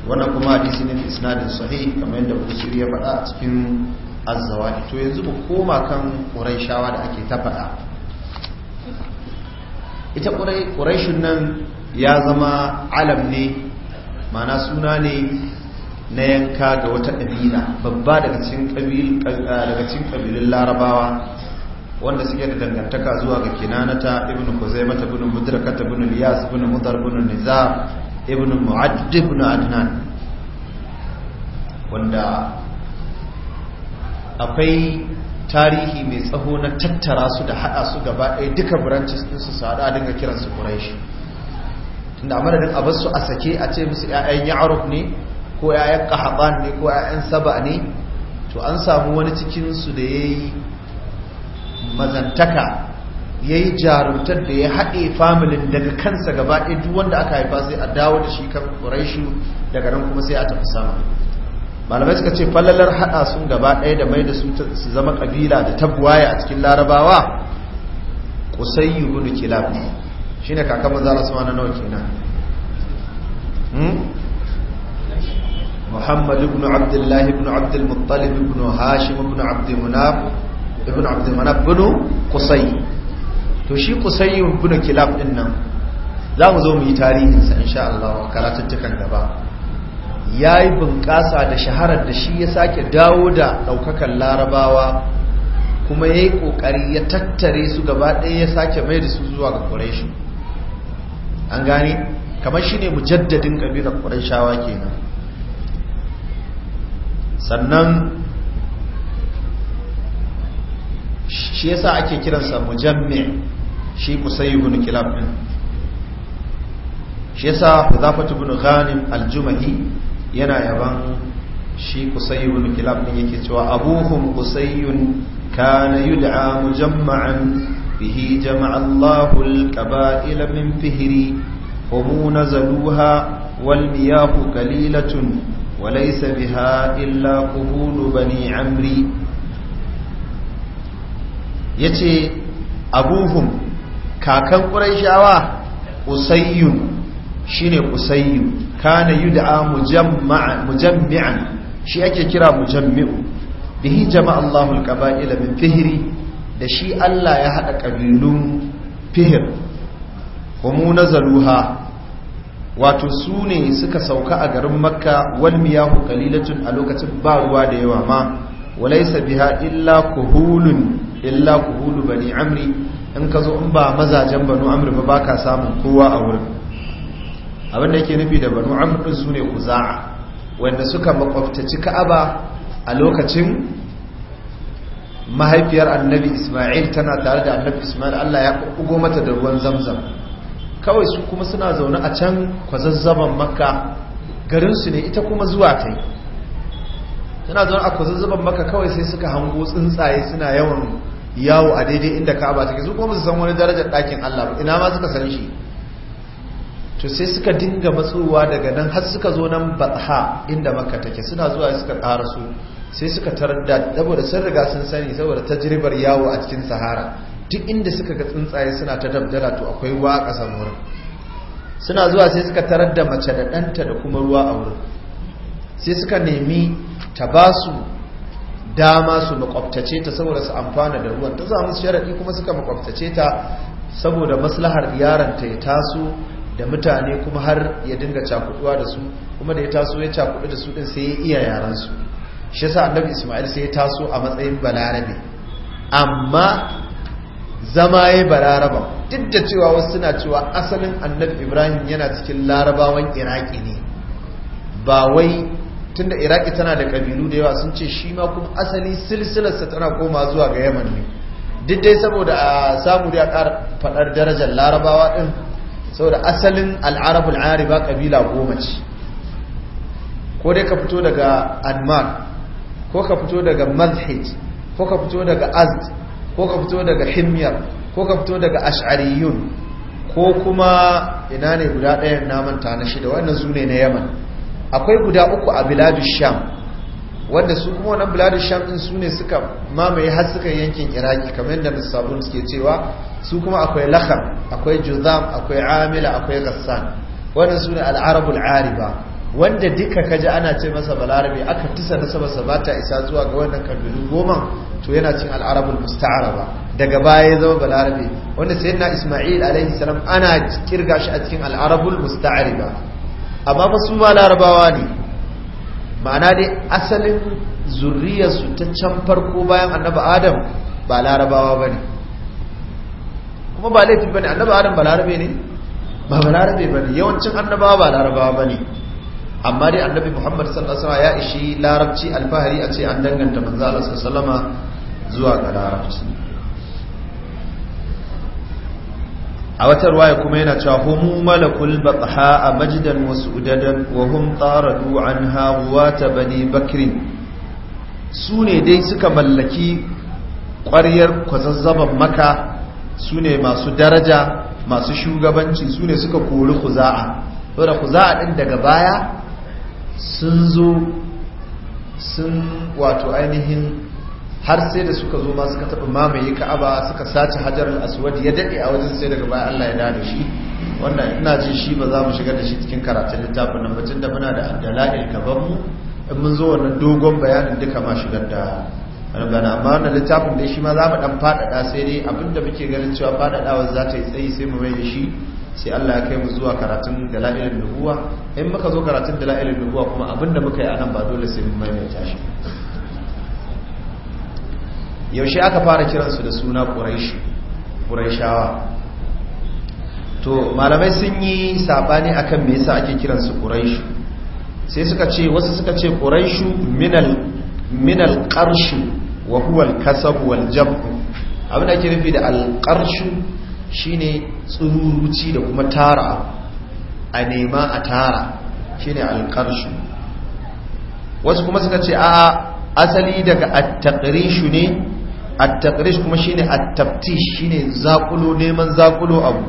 wannan kuma hadisi ne isnadin sahih kamar yadda Bukhari ya faɗa a cikin az to yanzu ku koma kan shawa da ake ta faɗa ita ƙuraishin nan ya zama alam ne mana suna ne na yanka ga wata ƙabila babba daga cikin ƙabilun larabawa wanda suke da dangantaka zuwa ga kinanata ibn kuzaimata ibn mudrakata ibn liyas ibn mudar ibn nizar ibn mu'add ibn adnan wanda akwai tarihi mai tsaho na tattara su da hada su gaba ɗaya duka branches din su sada dinga kiransu quraish tunda a madadin a basu a sake a ce musu 'ya'yan ya'ruf ne ko 'ya'yan qahban ne ko 'ya'yan saba ne to an samu wani cikin su da yayi mazantaka yayi jarumtar da ya haɗe family daga kansa gaba ɗaya duk wanda aka haifa sai a dawo da shi kan quraish daga nan kuma sai a tafi sama malamai suka ce falalar hada sun gaba ɗaya da mai da su zama kabila da tabwaye a cikin larabawa kusai ibn kilab Shi ne kakamun Allah subhanahu nawa kenan hmm Muhammad ibn Abdullahi, ibn Abd al-Muttalib ibn Hashim ibn Abd ibn Abd Manaf ibn Kusai, to shi yi ibn Kilab din nan za mu zo mu yi tarihinsa in sha Allah karatattukan gaba ya yi bunƙasa da shaharar da shi ya sake dawo da ɗaukakan larabawa kuma ya yi ƙoƙari ya tattare su gaba ɗaya ya sake mai da su zuwa ga ƙuraishi an gane kamar shi ne mujaddadin ƙabilar ke kenan sannan shi ya sa ake kiransa mujammi shi kusayi wani kilab shi ya sa zafatu ghanim ghanin aljumahi. yana yaban shi kusayyun kilab din yake cewa abuhum kusayyun kana yud'a mujamma'an bihi jama'a Allahu al-qaba'ila min fihri hum nazaluha wal miyahu qalilatun wa biha illa quhulu bani amri yace abuhum kakan quraishawa kusayyun shine kusayyun kana yud'a mujamma'a mujammi'an shi ake kira mujammi'u bihi jama'a Allahu al-qaba'ila min fihri da shi Allah ya hada kabilun fihr kuma nazaluha wato su ne suka sauka a garin makka wal miyahu qalilatun a lokacin ba ruwa da yawa ma walaysa biha illa kuhulun illa kuhulu bani amri in ka zo in ba mazajen banu amri ba baka samun kowa a wurin abinda yake nufi da banu amr su ne kuza'a wanda suka makwabtaci ka'aba a lokacin mahaifiyar annabi isma'il tana tare da annabi isma'il Allah ya kugo mata da ruwan zamzam kawai su kuma suna zaune a can kwazazzaban makka garinsu ne ita kuma zuwa ta yi suna zaune a kwazazzaban makka kawai sai suka hango tsuntsaye suna yawan yawo a daidai inda ka'aba take su kuma su san wani darajar ɗakin Allah ina ma suka san shi to sai suka dinga matsowa daga nan har suka zo nan batha inda maka take suna zuwa suka su sai suka tarar saboda sun riga sun sani saboda tajribar yawo a cikin sahara duk inda suka ga tsuntsaye suna ta dabdala to akwai ruwa a suna zuwa sai suka tarar da mace da ɗanta da kuma ruwa a wurin sai suka nemi ta ba su dama su makwabtace ta saboda su amfana da ruwan ta samu sharaɗi kuma suka makwabtace ta saboda maslahar yaron ta ya taso da mutane kuma har ya dinga cakuduwa da su kuma da ya taso ya cakudu da su din sai ya iya yaran su shi yasa annabi Isma'il sai ya taso a matsayin balarabe amma zama ya balaraba duk da cewa wasu suna cewa asalin annabi Ibrahim yana cikin larabawan Iraki ne ba wai tunda Iraki tana da kabilu da yawa sun ce shi ma kuma asali silsilarsa tana koma zuwa ga Yaman ne duk dai saboda a ah, samu da faɗar darajar larabawa ɗin saboda asalin al'arabul ariba kabila goma ce ko dai ka fito daga admar ko ka fito daga mazhij ko ka fito daga azd ko ka fito daga himyar ko ka fito daga ash'ariyun ko kuma ina ne guda ɗayan namanta na shida wannan su ne na yaman akwai guda uku a biladu sham wanda su kuma wannan buladun sham din su ne suka mamaye har suka yankin iraki kamar yadda musabun suke cewa su kuma akwai lakham akwai juzam akwai amila akwai ghassan wannan su ne al'arabul ariba wanda duka kaji ana ce masa balarabe aka tisa saba sa ta isa zuwa ga wannan kabilu goma to yana cin al'arabul musta'araba daga baya ya zama balarabe wanda sayyidina isma'il alaihi salam ana kirga shi a cikin al'arabul musta'ariba amma ba su ba larabawa ne ma'ana dai asalin zurriyarsu ta can farko bayan annaba adam ba larabawa ba ne kuma ba laifin ba ne annaba adam ba larabe ne ba ba larabe ba ne yawancin annabawa ba larabawa ba ne amma dai annabi muhammad sallallahu alaihi ya ishi larabci alfahari a ce an danganta manzo Allah sallallahu alaihi zuwa ga larabci a wata ruwaya kuma yana cewa humu malakul a majidan wasu sudadan wa hum taradu anha ta bani bakri su ne dai suka mallaki ƙwaryar kwazazzaban maka su ne masu daraja masu shugabanci su ne suka kori kuza'a saboda kuza'a ɗin daga baya sun zo sun wato ainihin har sai da suka zo ma suka taɓa mamaye ka'aba suka sace hajar aswad ya daɗe a wajen sai daga baya Allah ya da shi wannan ina ji shi ba za mu shigar da shi cikin karatun littafin nan tun da muna da addala'il gaban mu in mun zo wannan dogon bayanin duka ma shigar da rangana amma wannan littafin dai shi ma za mu dan faɗaɗa sai dai abinda muke ganin cewa faɗaɗawar za ta yi tsayi sai mu mai da shi sai Allah ya kai mu zuwa karatun dala'ilin nubuwa in muka zo karatun dala'ilin nubuwa kuma abinda muka yi anan ba dole sai mun da shi yaushe aka fara kiransu da suna ƙuraishawa to malamai sun yi saɓani akan me yasa ake kiransu ƙuraishu sai suka ce wasu suka ce ƙuraishu minal ƙarshu wa huwal kasabu wal jam'u abin da ake nufi da alƙarshu shine tsururuci da kuma tara a nema a tara shine alƙarshu wasu kuma suka ce a asali daga at-taqrishu ne at-taqrish kuma shine at-taftish shine zakulo neman zakulo abu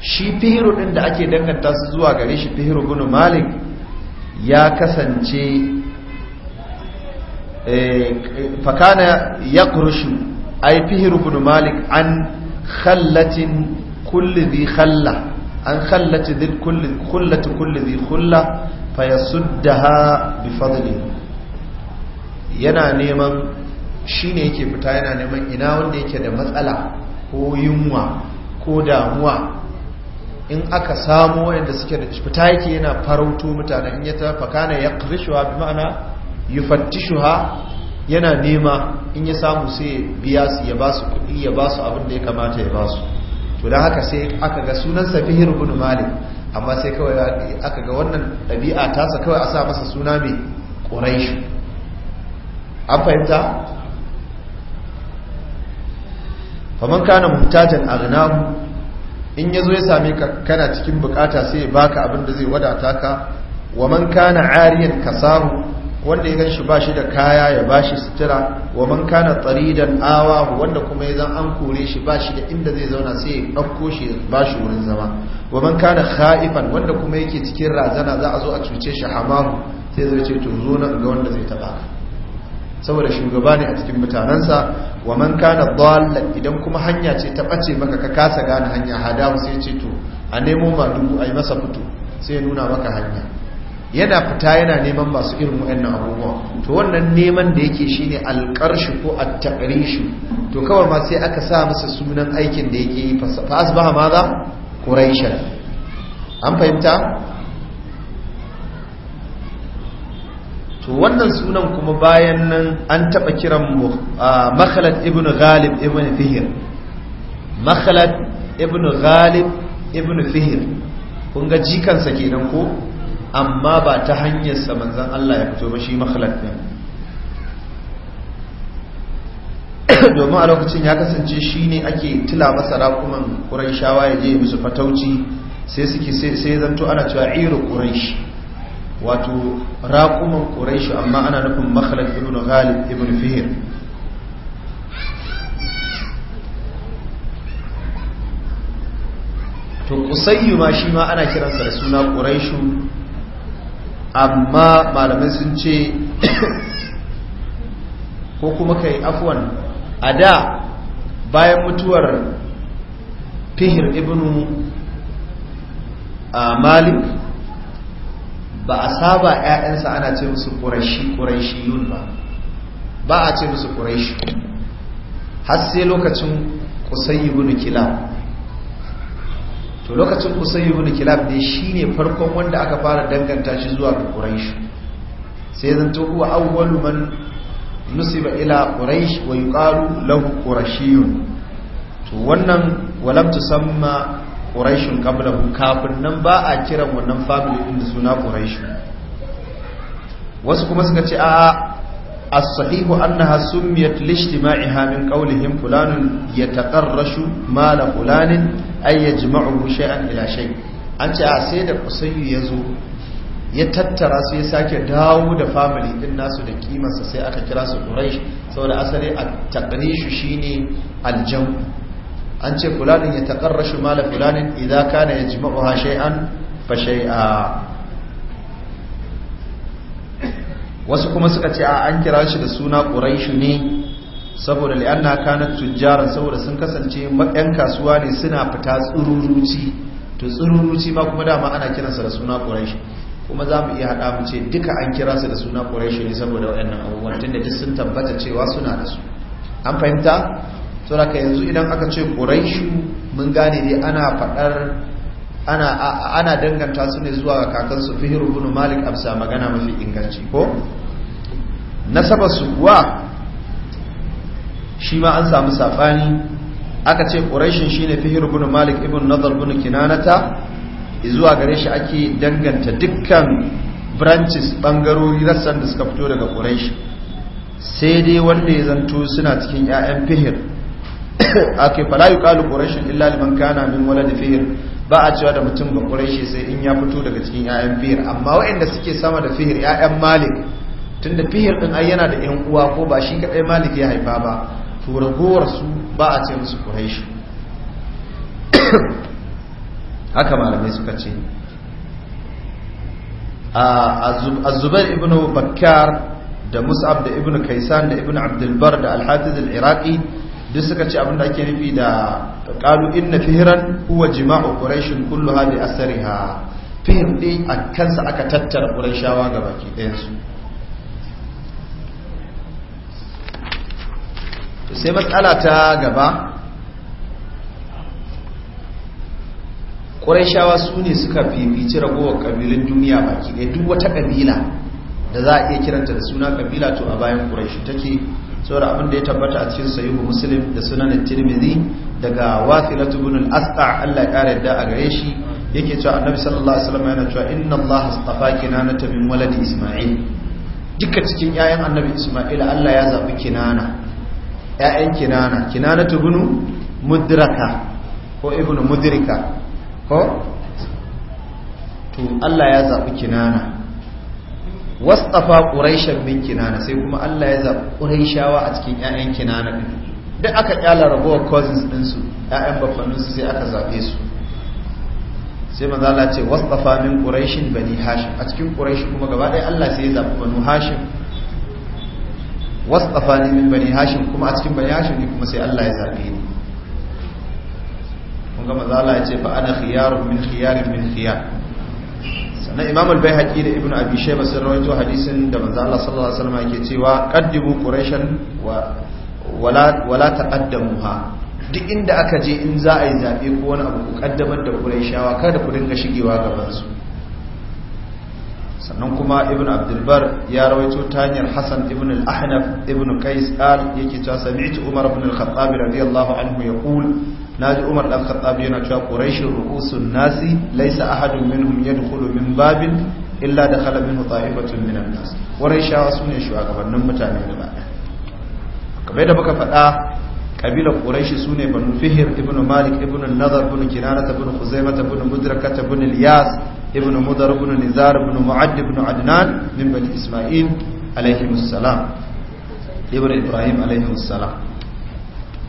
shi fihiru din da ake danganta su zuwa gare shi fihiru bin malik ya kasance fakana yaqrushu ay fihiru bin malik an khallatin kulli dhi khalla an khallati dhi kulli khullati kulli dhi khulla fayasuddaha bi fadlihi yana neman ne yake fita yana neman ina wanda yake da matsala ko yunwa ko damuwa in aka samu wadanda suke da fita yake yana farauto mutane in ya tafa kana yaqrishuha bi ma'ana yufattishuha yana nema in ya samu sai biya su ya ba su kuɗi ya ba su abinda ya kamata ya ba su to don haka sai aka ga sunansa fihir bin malik amma sai kawai aka ga wannan ɗabi'a tasa kawai a sa masa suna mai shi an fahimta faman kana muhtajan aghnahu in zo ya same ka kana cikin bukata sai ya baka abin da zai wadata ka wa man kana ariyan kasahu wanda ya ganshi bashi da kaya ya bashi sutura wa man kana taridan awahu wanda kuma ya zan an kore shi bashi da inda zai zauna sai ya dauko shi ya bashi wurin zama wa man kana khaifan wanda kuma yake cikin razana za a zo a cuce shi hamahu sai zai ce to zo na ga wanda zai taba saboda shugaba ne a cikin mutanensa wa man kana dhallan idan kuma hanya ce ta bace maka ka kasa gane hanya hada sai ce to a nemo ma dubu ai masa fito sai nuna maka hanya yana fita yana neman masu irin waɗannan abubuwa to wannan neman da yake shine alƙarshi ko at taqrishu to kawai ma sai aka sa masa sunan aikin da yake yi fa maza quraishan an fahimta to wannan sunan kuma bayan nan an taɓa kiran makhalat ibn ghalib ibn fihir makhalat ibn ghalib ibn fihir kun ga jikansa kenan ko amma ba ta hanyarsa manzan Allah ya fito ba shi makhalat ne domin a lokacin ya kasance shi ne ake tila masa rakuman ƙuran ya je musu fatauci sai suke sai zanto ana cewa irin ƙuran wato raƙuman ƙuraishu amma ana nufin makhalar ibn ghalib ibn fihir to kusayyu ma shi ma ana kiransa da suna ƙuraishu amma malamai sun ce ko kuma ka yi afuwan a da bayan mutuwar fihir ibn ah, malik ba a saba ‘ya'yansa ana ce musu ƙurashi ƙurashi yun ba ba a ce musu ƙurashi har sai lokacin kusayi wuni kilab to lokacin kusayi wuni kilab ne shi ne farkon wanda aka fara danganta shi zuwa ga ƙurashi sai zan to huwa awwalu man nusiba ila ƙurashi wa lau ƙurashi yun to wannan walam sama. quraishun qablahu kafin nan ba a kiran wannan family din da suna quraishu wasu kuma suka ce a as-sahihu annaha sumiyat lishtima'iha min qawlihim fulanun yataqarrashu mala fulanin ay yajma'u shay'an ila shay an ce a sai da kusayyu yazo ya tattara su ya sake dawo da family din nasu da kimarsa sai aka kira su quraish saboda asali at-taqrishu shine al-jam'u an ce fulanin ya shi mala fulanin idan ka na ya ji ma'uha shai'an fa shai'a wasu kuma suka ce a an kira shi da suna shi ne saboda na kanat tujjaran saboda sun kasance yan kasuwa ne suna fita tsururuci to tsururuci ma kuma dama ana kiransa da suna shi. kuma za mu iya haɗa mu ce duka an kira su da suna shi ne saboda waɗannan abubuwan tun da duk sun tabbata cewa suna da su an fahimta da yanzu idan aka ce quraishu mun gane dai ana faɗar, ana danganta su ne zuwa ga kakan su fihr ibn malik absa magana mafi inganci ko nasaba su kuwa shi ma an samu sabani aka ce shi shine fihr ibn malik ibn Nazar, ibn kinanata zuwa gare shi ake danganta dukkan branches ɓangarori rassan da suka fito daga ƙuraishi sai dai wanda ya zanto suna cikin 'ya'yan fihir ake yi kalu quraishun illa liman kana min walad fihir ba a cewa da mutum ba quraishi sai in ya fito daga cikin 'ya'yan fihir amma waɗanda suke sama da fihir 'ya'yan malik tunda fihr din ai yana da ƴan uwa ko ba shi kaɗai malik ya haifa ba to ragowar su ba a ce musu quraishi haka malamai suka ce azubair ibn bakkar da mus'ab da Ibnu kaisan da ibn abdulbar da al-hafiz al-iraqi duk suka ce abinda ake nufi da kalu inna fihran huwa jima'u quraishin kullu hadi asariha fihir din a kansa aka tattara quraishawa ga baki ɗayan su sai matsala ta gaba quraishawa su ne suka fifici ragowar kabilun duniya baki ɗaya duk wata kabila da za a iya kiranta da suna kabila to a bayan quraish take saboda abin da ya tabbata a cikin sahihu muslim da sunan tirmidhi daga wafilatu bin al-asqa Allah ya kare da a gare shi yake cewa annabi sallallahu alaihi wasallam yana cewa inna Allah astafa kinana ta min waladi isma'il duka cikin yayan annabi isma'il Allah ya zabi kinana yayan kinana kinana tubunu mudraka ko ibnu mudrika ko to Allah ya zabi kinana wasafa quraishan min kinana sai kuma Allah ya zaɓi quraishawa a cikin 'ya'yan kinana din duk aka ƙyala rabuwar cousins din su ƴaƴan sai aka zaɓe su sai manzo Allah ce wasafa min quraishin bani hashim a cikin quraish kuma gaba ɗaya Allah sai ya zaɓi bani hashim wasafa ne min bani hashim kuma a cikin bani hashim ne kuma sai Allah ya zaɓe ni kun ga manzo Allah ya ce fa ana khiyarun min khiyarin min khiyar na imam al bayhaqi da ibnu abi shayba sun rawaito hadisin da manzo Allah sallallahu alaihi wasallam yake cewa qaddibu quraishan wa wala wala taqaddamuha duk inda aka je in za a yi zabe ko wani abu ku kaddamar da quraishawa kada ku dinga shigewa gaban su sannan kuma ibnu abdul bar ya rawaito ta hanyar hasan ibnu al-ahnaf ibnu qais qal yake cewa sami'tu umar ibn al-khattab radiyallahu anhu yaqul naji Umar dan Khattab yana cewa Quraishur ru'usun nasi laysa ahadun minhum yadkhulu min babin illa dakhala minhu ta'ifatun minan nas Quraishawa sune shugabannin mutane ba. kabe da muka fada kabila Quraishi sune Banu Fihr ibnu Malik ibnu Nadar ibn Kinana ibnu Khuzaimah ibn Mudraka ibn Ilyas ibn Mudar ibnu Nizar ibn Mu'add ibnu Adnan min Bani Isma'il alayhi salam ibn Ibrahim alayhi salam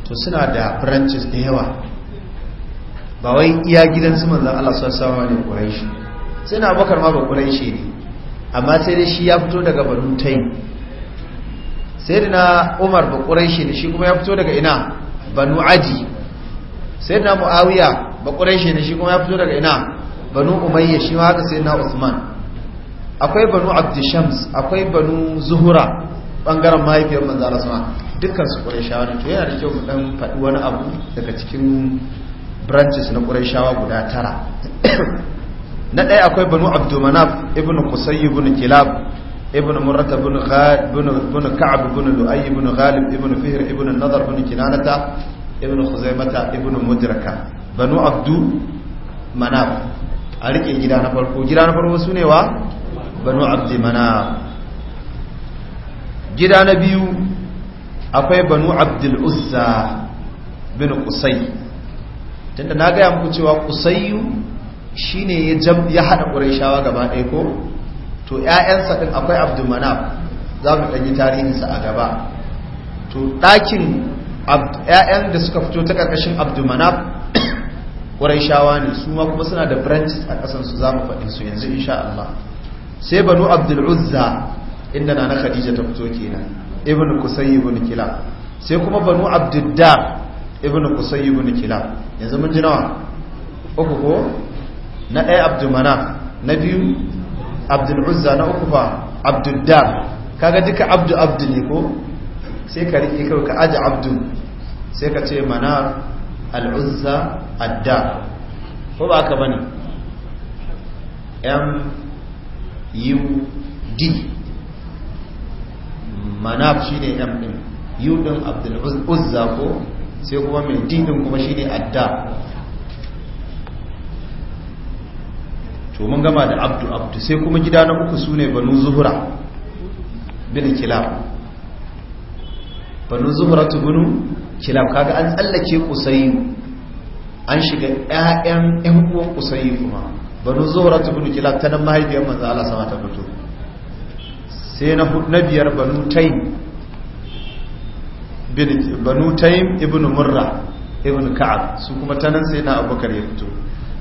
to suna da branches da yawa ba wai iya gidan su manzan Allah sun sama ne ƙuraishi sai na Abubakar ma ba ƙuraishi ne amma sai dai shi ya fito daga banu taim sai da na umar ba ƙuraishi ne shi kuma ya fito daga ina banu aji sai da na mu'awiya ba ƙuraishi ne shi kuma ya fito daga ina banu umayya shi ma haka sai na usman akwai banu abdishams akwai banu zuhura bangaren mahaifiyar manzo Allah sama dukkan su Quraishawa ne to yana da kyau mu dan faɗi wani abu daga cikin branches na Quraishawa guda tara na ɗaya akwai Banu Abdul Manaf ibn Qusay ibn Kilab ibn Murrah ibn Ghalib ibn Ka'b ibn Lu'ay ibn Ghalib ibn Fihr ibn Nadar ibn Kinanata ibn Khuzaimata ibn Mudraka Banu Abdul Manaf a rike gida na farko gida na farko sune wa Banu Abdul Manaf gida na biyu akwai banu abdul uzza bin Usai. tunda na gaya muku cewa qusayyu shine ya ya hada qurayshawa gaba ɗaya ko to ƴaƴansa ɗin akwai abdul manaf za mu ɗanyi tarihinsa a gaba to ɗakin ƴaƴan da suka fito ta ƙarƙashin abdul manaf shawa ne su ma kuma suna da branches a ƙasansu za mu faɗi su yanzu insha Allah sai banu abdul uzza inda na na khadija ta fito kenan ibn kusay ibn kilab sai kuma banu abduddar ibn kusay ibn kilab yanzu mun ji nawa uku ko na ɗaya abdulmanaf na biyu uzza na uku fa abduddar kaga duka abdu abdu ne ko sai ka rike kai ka aji abdu sai ka ce mana uzza adda ko ba ka bane m u d manaf shine ne din ɗin din abdul ko sai kuma mai d kuma shi ne adda to mun gama da abdu abdu sai kuma gida na uku sune banu zuhura bin kilab banu zuhura tu binu kilab kaga an tsallake kusayi an shiga ƴaƴan ƴan uwan kusayi kuma banu zuhura tu binu kilab ta nan mahaifiyar manzala sama ta fito sai na biyar banu taim banu taim ibn murra ibn ka'ab su kuma ta nan sai na abokar ya fito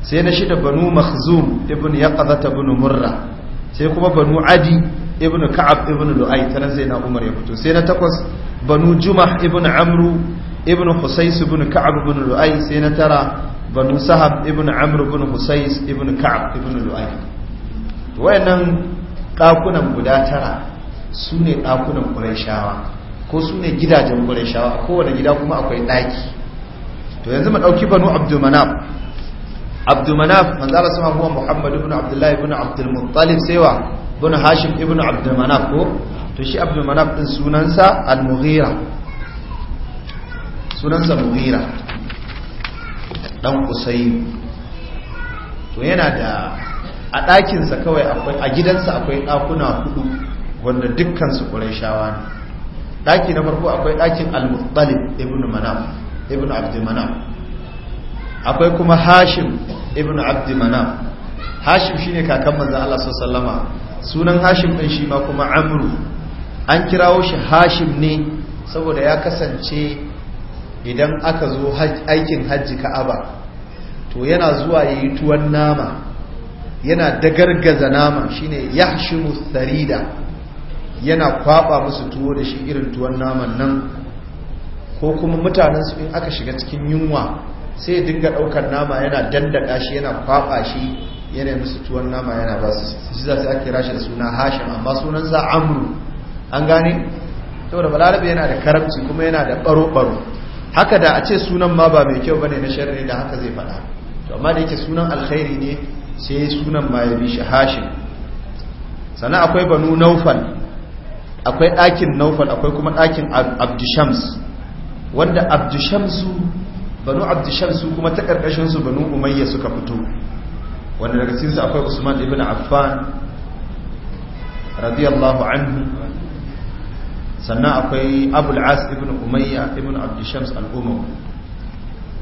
sai na shida banu makhzum ibn yaqadata ibn murra sai kuma banu adi ibn ka'ab ibn lu'ai ta nan sai na umar ya fito sai na takwas banu juma ibn amru ibn husais ibn ka'ab ibn lu'ai sai na tara banu sahab ibn amru ibn husais ibn ka'ab ibn lu'ai wayannan ɗakunan guda tara su ne ɗakunan ƙuraishawa ko su ne gidajen ƙuraishawa a kowane gida kuma akwai ɗaki to yanzu mu ɗauki banu abdulmanaf abdulmanaf manzala sama kuma Muhammadu, ibn abdullahi ibn abdulmuttalib saiwa ibn hashim ibn abdulmanaf ko to shi abdulmanaf ɗin sunansa al-mughira sunansa mughira ɗan kusayi to yana da a ɗakinsa kawai akwai a gidansa akwai ɗakuna hudu wanda dukkansu ƙurashawa ne ɗaki na farko akwai ɗakin al-muttalib ibn manaf ibn abdulmanaf akwai kuma hashim ibn abdulmanaf hashim shine kakan manzan Allah sallama sunan hashim ɗin shi ma kuma amru an kirawo shi hashim ne saboda ya kasance idan aka zo aikin hajji ka'aba to yana zuwa yayi tuwon nama yana dagargaza naman shine yahshimu sarida yana kwaba musu tuwo da shi irin tuwon naman nan ko kuma mutanen su in aka shiga cikin yunwa sai dinga daukar nama yana dandada shi yana kwaba shi yana musu tuwon nama yana ba su shi za ake rashi da suna hashim amma sunan za amru an gane saboda balarabe yana da karamci kuma yana da baro-baro haka da a ce sunan ma ba mai kyau bane na sharri da haka zai faɗa to amma da yake sunan alkhairi ne sai sunan ma ya bi shi hashim sannan akwai banu naufal akwai ɗakin naufal akwai kuma ɗakin abdushams wanda abdushamsu banu abdushamsu kuma ta ƙarƙashinsu banu umayya suka fito wanda daga cikinsu akwai usman ibn affan radiyallahu anhu sannan akwai abul as ibn umayya ibn abdushams al'umma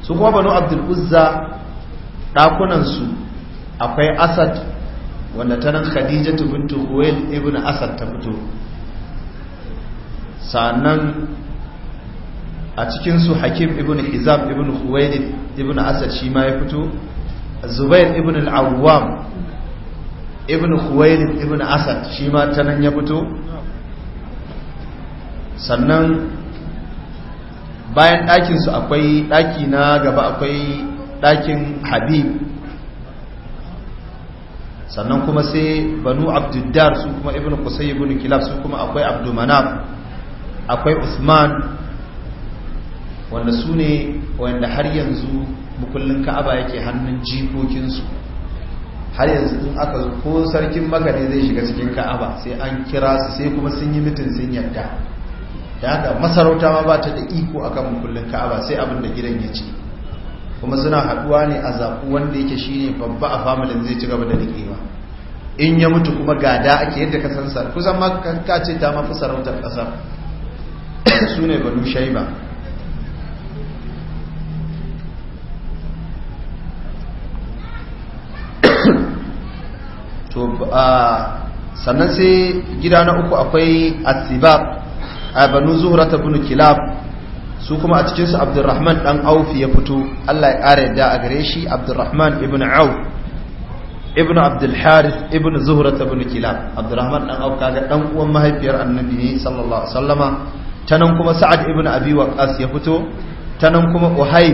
su kuma banu abdul uzza ɗakunansu akwai asad wanda ta nan ta bintu huwail ibn asad ta fito sannan a cikinsu hakim ibn hizab ibn huwailid ibn asad shi ma ya fito zubair ibn al'awwam ibn huwailid ibn asad shi ma ta nan ya fito sannan bayan ɗakinsu akwai ɗaki na gaba akwai ɗakin habib sannan kuma sai banu abdudar su kuma ibn qusay ibn kilab su kuma akwai abdumanaf akwai usman wanda su ne wanda har yanzu mukullin ka'aba yake hannun jikokinsu har yanzu in aka ko sarkin maka zai shiga cikin ka'aba sai an kira su sai kuma sun yi mitin sun yarda da haka masarauta ma ba ta da iko akan mukullin ka'aba sai abin da gidan ya ce kuma suna haduwa ne a zaɓu wanda yake ne babba a familin zai ci gaba da rikewa in ya mutu kuma gada ake yadda ka san kusan ma ka ce ta mafi sarautar ƙasa su ne banu shaiba ba sannan sai gida na uku akwai asibab a banu zuhura bunu kilab su kuma a cikinsu abdurrahman dan aufi ya fito allah ya ƙara yadda a gare shi abdurrahman ibn au ibn abdulharith ibn zuhrat ibn kilab abdurrahman dan auf kaga dan uwan mahaifiyar annabi ne sallallahu alaihi wasallama ta nan kuma sa'ad ibn abi waqas ya fito ta nan kuma uhay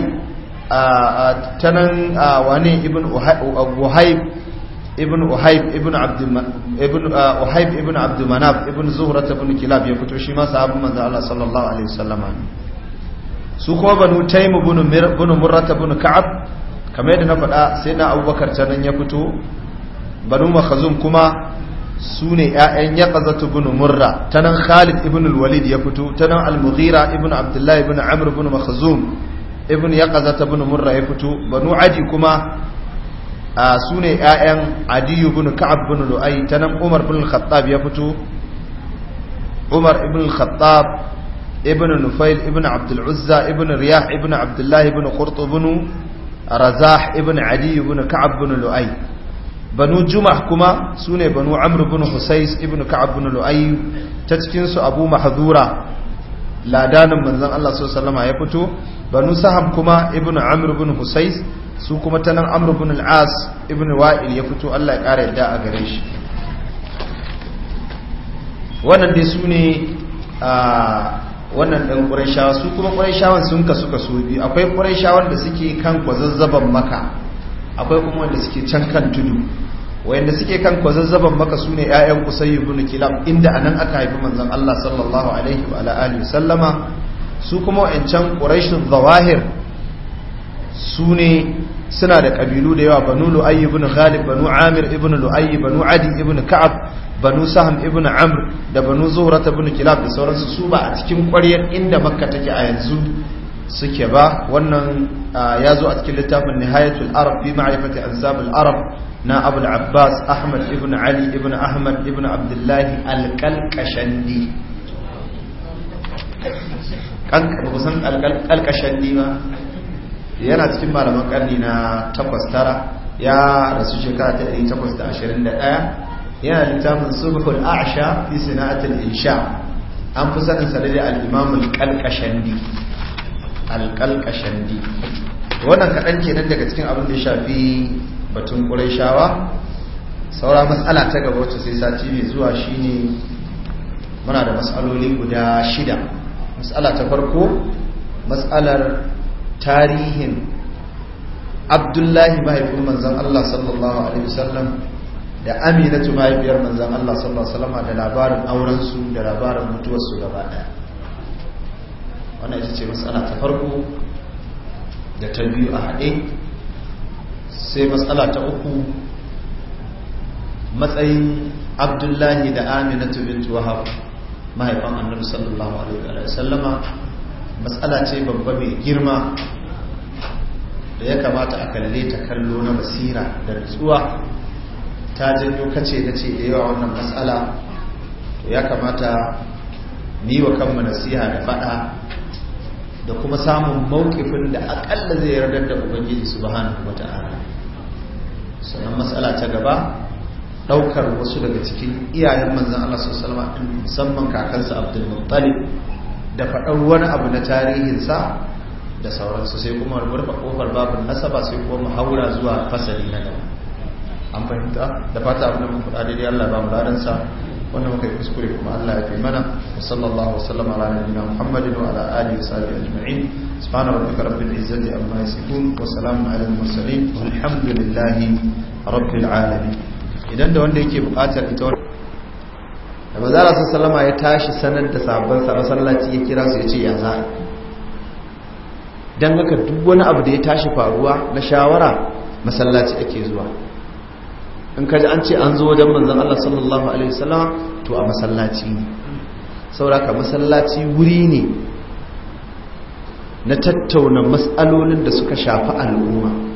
ta nan wane ibn uhay ibn uhay ibn abdul ibn uhay ibn abdul manaf ibn zuhrat ibn kilab ya fito shi ma sahabban manzo Allah sallallahu alaihi wasallama su kuma banu taimu bunu murrata bunu ka'ab kamar yadda na faɗa sai na abubakar ta nan ya fito banu makhazum kuma su ne 'ya'yan ya ƙazatu bunu murra ta nan khalid ibn walid ya fito ta nan al-mughira ibn abdullahi ibn amr ibn makhazum ibn ya ƙazata bunu murra ya fito banu aji kuma su ne 'ya'yan adiyu bunu ka'ab bunu lu'ai ta nan umar bin khattab ya fito umar ibn khattab ibn nufail ibn abdul uzza ibn riyah ibn abdullah ibn qurt ibn razah ibn adi ibn ka'ab ibn lu'ay banu jumah kuma sune banu amr ibn husais ibn su abu mahdura ladanin manzon Allah sallallahu alaihi ya fito banu saham kuma ibn amr ibn husais su kuma ta ya fito Allah ya kara yadda a gare shi wannan dai sune a wannan ɗan ƙuraishawa su kuma shawar sun kasu so biyu akwai shawar da suke kan kwazazzaban maka akwai kuma wanda suke can kan tudu wayanda suke kan kwazazzaban maka su ne 'ya'yan usayyu bunu kilam inda anan aka haifi manzan Allah sallallahu alaihi wa ala’ali sallama su kuma wayancan quraishun zawahir su ne suna da ƙabilu da yawa banu lu'ay ibn ghalib banu amir ibn lu'ay banu adi ibn ka'ab banu saham ibn amr da banu ta ibn kilab da sauransu su ba a cikin ƙwaryar inda makka take a yanzu suke ba wannan ya zo a cikin littafin nihayatul arab bi ma'rifati ansabul arab na abul abbas ahmad ibn ali ibn ahmad ibn abdullahi alƙalƙashandi kusan alƙalƙashandi ba yana cikin malaman ƙarni na takwas tara ya rasu shekara ta 821 yana littafin subhul a'sha fi sana'atul insha an fi sanin sa da al-imam al-qalqashandi al-qalqashandi wannan kadan kenan daga cikin abin da ya shafi batun quraishawa saura mas'ala ta gaba wacce sai sati mai zuwa shine muna da mas'aloli guda shida mas'ala ta farko mas'alar tarihin abdullahi mahaifin manzon Allah sallallahu alaihi wasallam da aminatu mahaifiyar manzan Allah sallallahu alaihi wasallam da labarin aurensu da labarin mutuwarsu gaba daya wannan ita ce matsala ta farko da ta biyu a haɗe sai matsala ta uku matsayin abdullahi da aminatu bintu wahab mahaifan annabi sallallahu alaihi wasallama matsala ce babba mai girma da ya kamata a kalle ta kallo na basira da nutsuwa ta janyo kace na ce da yawa wannan matsala ya kamata ni wa kanmu nasiha da faɗa da kuma samun mawkifin da akalla zai yardar da ubangiji subhanahu wata'ala sannan matsala ta gaba daukar wasu daga cikin iyayen manzan Allah sallallahu alaihi musamman kakansa Abdul Muttalib da faɗar wani abu na tarihinsa da sauransu sai kuma rubuta ƙofar babu nasaba sai kuma haura zuwa fasali na gaba an fahimta da fata abin da mun faɗa daidai Allah ba mu ladansa wanda muka yi kuskure kuma Allah ya fi mana sallallahu wasallam ala nabiyina Muhammadin wa ala alihi wa sahbihi ajma'in subhana rabbika rabbil izzati amma yasifun wa salamun ala al mursalin walhamdulillahi rabbil alamin idan da wanda yake buƙatar ita wannan da manzara sallama ya tashi sanar da sabon sa masallaci ya kira su ya ce ya za dan haka duk wani abu da ya tashi faruwa na shawara masallaci ake zuwa in kaji an ce an zo wajen manzon Allah sallallahu alaihi wasallam to a masallaci ne sauraka masallaci wuri ne na tattauna matsalolin da suka shafi al'umma